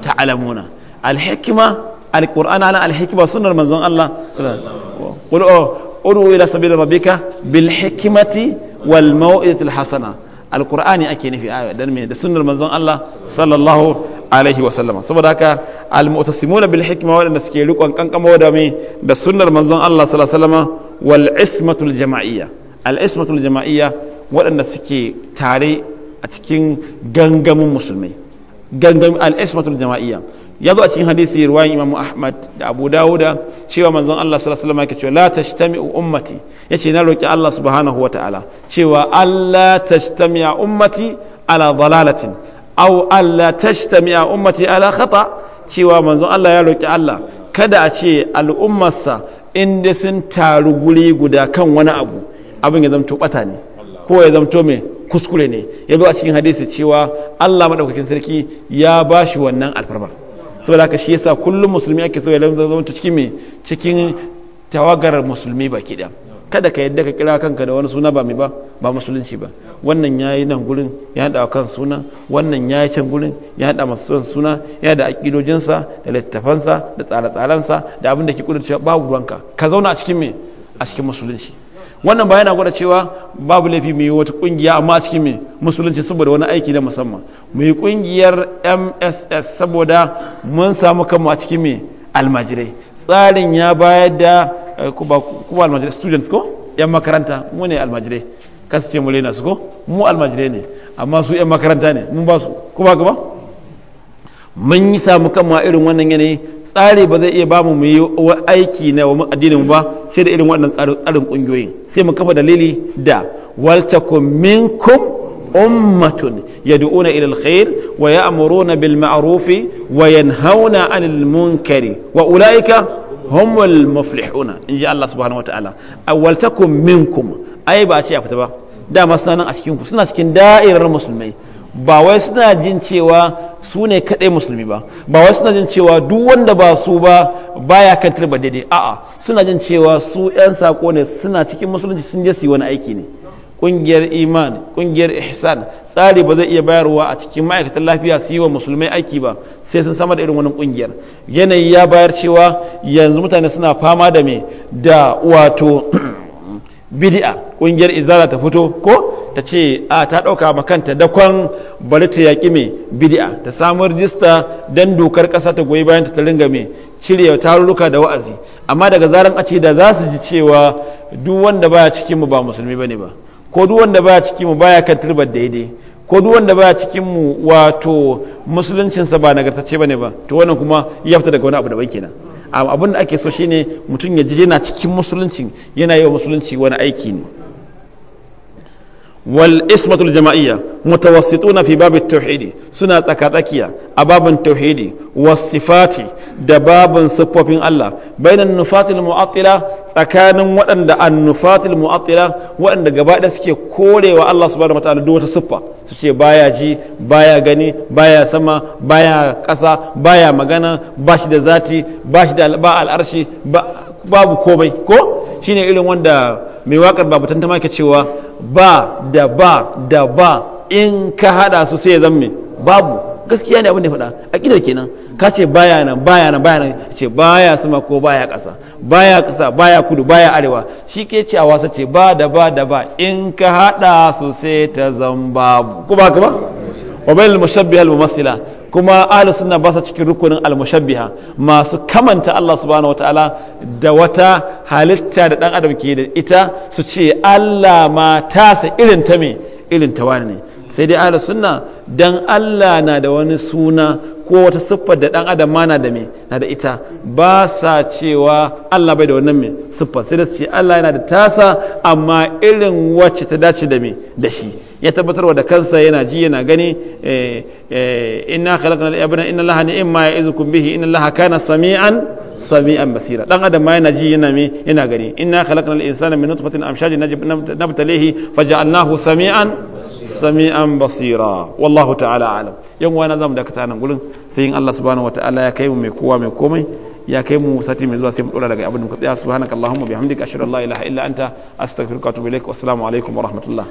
ta'lamuna al hikma alqur'ana ala al hikma sunnar manzon Allah sallallahu alaihi wasallam oh, udu ila sabila rabbika bil hikmati wal mau'izatil hasana alqur'ani ake nufi a dan me da sunnar manzon Allah sallallahu alaihi wa sallama saboda haka almu'tasimuna bil hikma wadanda suke rikon kankamo da da sunnar manzon Allah sallallahu alaihi wa sallama wal ismatul jama'iyya wadanda suke tare a cikin gangamin musulmai gangamin al jama'iyya ya zo a cikin hadisi ruwan, imamu ahmad da abu dawuda cewa manzon allah sallallahu alaihi wasallam yake cewa la tashtami ummati yace na roki allah subhanahu wataala cewa allah tashtami ummati ala dalalatin aw allah tashtami ummati ala khata cewa manzon allah ya roki allah kada a ce al'ummarsa inda sun taru guri guda kan wani abu abin ya zamto bata ne ko ya zamto mai kuskure ne ya zo a cikin hadisi cewa allah maɗaukakin sarki ya bashi wannan alfarmar saboda haka shi yasa kullum musulmi ake so ya zama cikin mai cikin tawagar musulmi ba daya kada ka yadda ka kira kanka da wani suna ba mai ba ba musulunci ba wannan ya yi nan gurin ya haɗa kan suna wannan ya yi can gurin ya haɗa masu suna ya da akidojinsa da littafansa da tsare-tsarensa da abin da ke kudurci babu ruwanka ka zauna a cikin mai a cikin musulunci wannan ba yana gwada cewa babu laifi mu yi wata kungiya amma cikin mai musulunci saboda wani aiki na musamman mu yi kungiyar mss saboda mun samu kanmu a cikin mai almajirai tsarin ya bayar da eh, kuma almajirai students ko yan makaranta mu ne almajirai kasu ce mu su ko mu almajirai ne amma su yan makaranta ne mun ba su kuma gaba mun yi samu kanmu a irin wannan yanayi tsari ba zai iya ba mu yi aiki na wa addinin ba sai da irin waɗannan tsarin ƙungiyoyin sai mu kafa dalili da waltakum minkum ummatun yad'una ila alkhair wa ya'muruna bil ma'ruf wa yanhauna 'anil munkari wa ulaika humul muflihuna inji Allah subhanahu wata'ala awwaltakum minkum ai ba a ce a fita ba dama suna a cikin ku suna cikin da'irar musulmai ba wai suna jin cewa su ne kaɗai musulmi ba ba wai suna jin cewa duk wanda ba su ba baya kan turba daidai a'a suna jin cewa su 'yan sako ne suna cikin musulunci sun je su yi wani aiki ne ƙungiyar iman ƙungiyar ihsan tsari ba zai iya bayarwa a cikin ma'aikatan lafiya su yi wa musulmai aiki ba sai sun samar da irin wani ƙungiyar yanayi ya bayar cewa yanzu mutane suna fama da me da wato bidi'a ƙungiyar izala ta fito ko ta ce a ta ɗauka makanta dakon bari ta yaƙi mai bidi'a ta samu rijista don dokar ƙasa ta goyi bayan ta ringa mai cire tarurruka da wa'azi amma daga zaran a ce da za su ji cewa duk wanda baya cikinmu ba musulmi ba ne ba ko duk wanda baya cikinmu baya kan turbar daidai ko duk wanda baya cikinmu wato musuluncinsa ba nagartacce ne ba to wannan kuma ya fita daga wani abu daban kenan abin da ake so shine mutum ya ji yana cikin musulunci yana yi wa musulunci wani aiki ne wal ismatul jama'iyya mutawassituna fi babit tauhidi suna tsakatsakiya a babin tauhidi wasifati da babin siffofin Allah bainan nufatil mu'attila tsakanin waɗanda an nufatil mu'attila waɗanda gaba ɗaya suke korewa Allah subhanahu wataala duk wata siffa su ce baya ji baya gani baya sama baya ƙasa baya magana bashi da zati ba shi da ba babu komai ko shine irin wanda mai waƙar babu tantama ke cewa ba da ba da ba in ka hada su sai ya zamme babu gaskiya ne abin da faɗa a ƙidar kenan ka ce baya nan baya nan baya nan ce baya sama ko baya ƙasa baya ƙasa baya kudu baya arewa shi ke ce a wasa ce ba da ba da ba in ka hada su sai ta zan babu ko ba ka ba wa bayan mushabbiha al masila. kuma ahlus sunna ba su cikin rukunin almushabbiha masu kamanta Allah subhanahu wataala da wata halitta da dan adam ke da ita su ce Allah ma tasa irin ta me irin ta wani ne sai dai ahlus sunna dan Allah na da wani suna ko wata siffar da dan adam ma na da me na da ita ba sa cewa Allah bai da wannan me siffar sai da su ce Allah yana da tasa amma irin wacce ta dace da me da shi ya tabbatarwa da kansa yana ji yana gani eh, eh, inna khalaqnal ibna inna allaha ni'ma ya'izukum bihi inna laha kana sami'an sami'an basira dan adam ma yana ji yana me yana gani inna khalaqnal insana min nutfatin amshajin najib nabtalihi faja'alnahu sami'an sami'an basira wallahu ta'ala alam yan wani zamu dakata nan gurin sai in Allah subhanahu wataala ya kai mu mai kowa mai komai ya kai mu sati mai zuwa sai mu dora daga abin da muka tsaya subhanakallahumma bihamdika ashhadu an la ilaha illa anta astaghfiruka wa atubu ilaik wa assalamu alaikum wa rahmatullah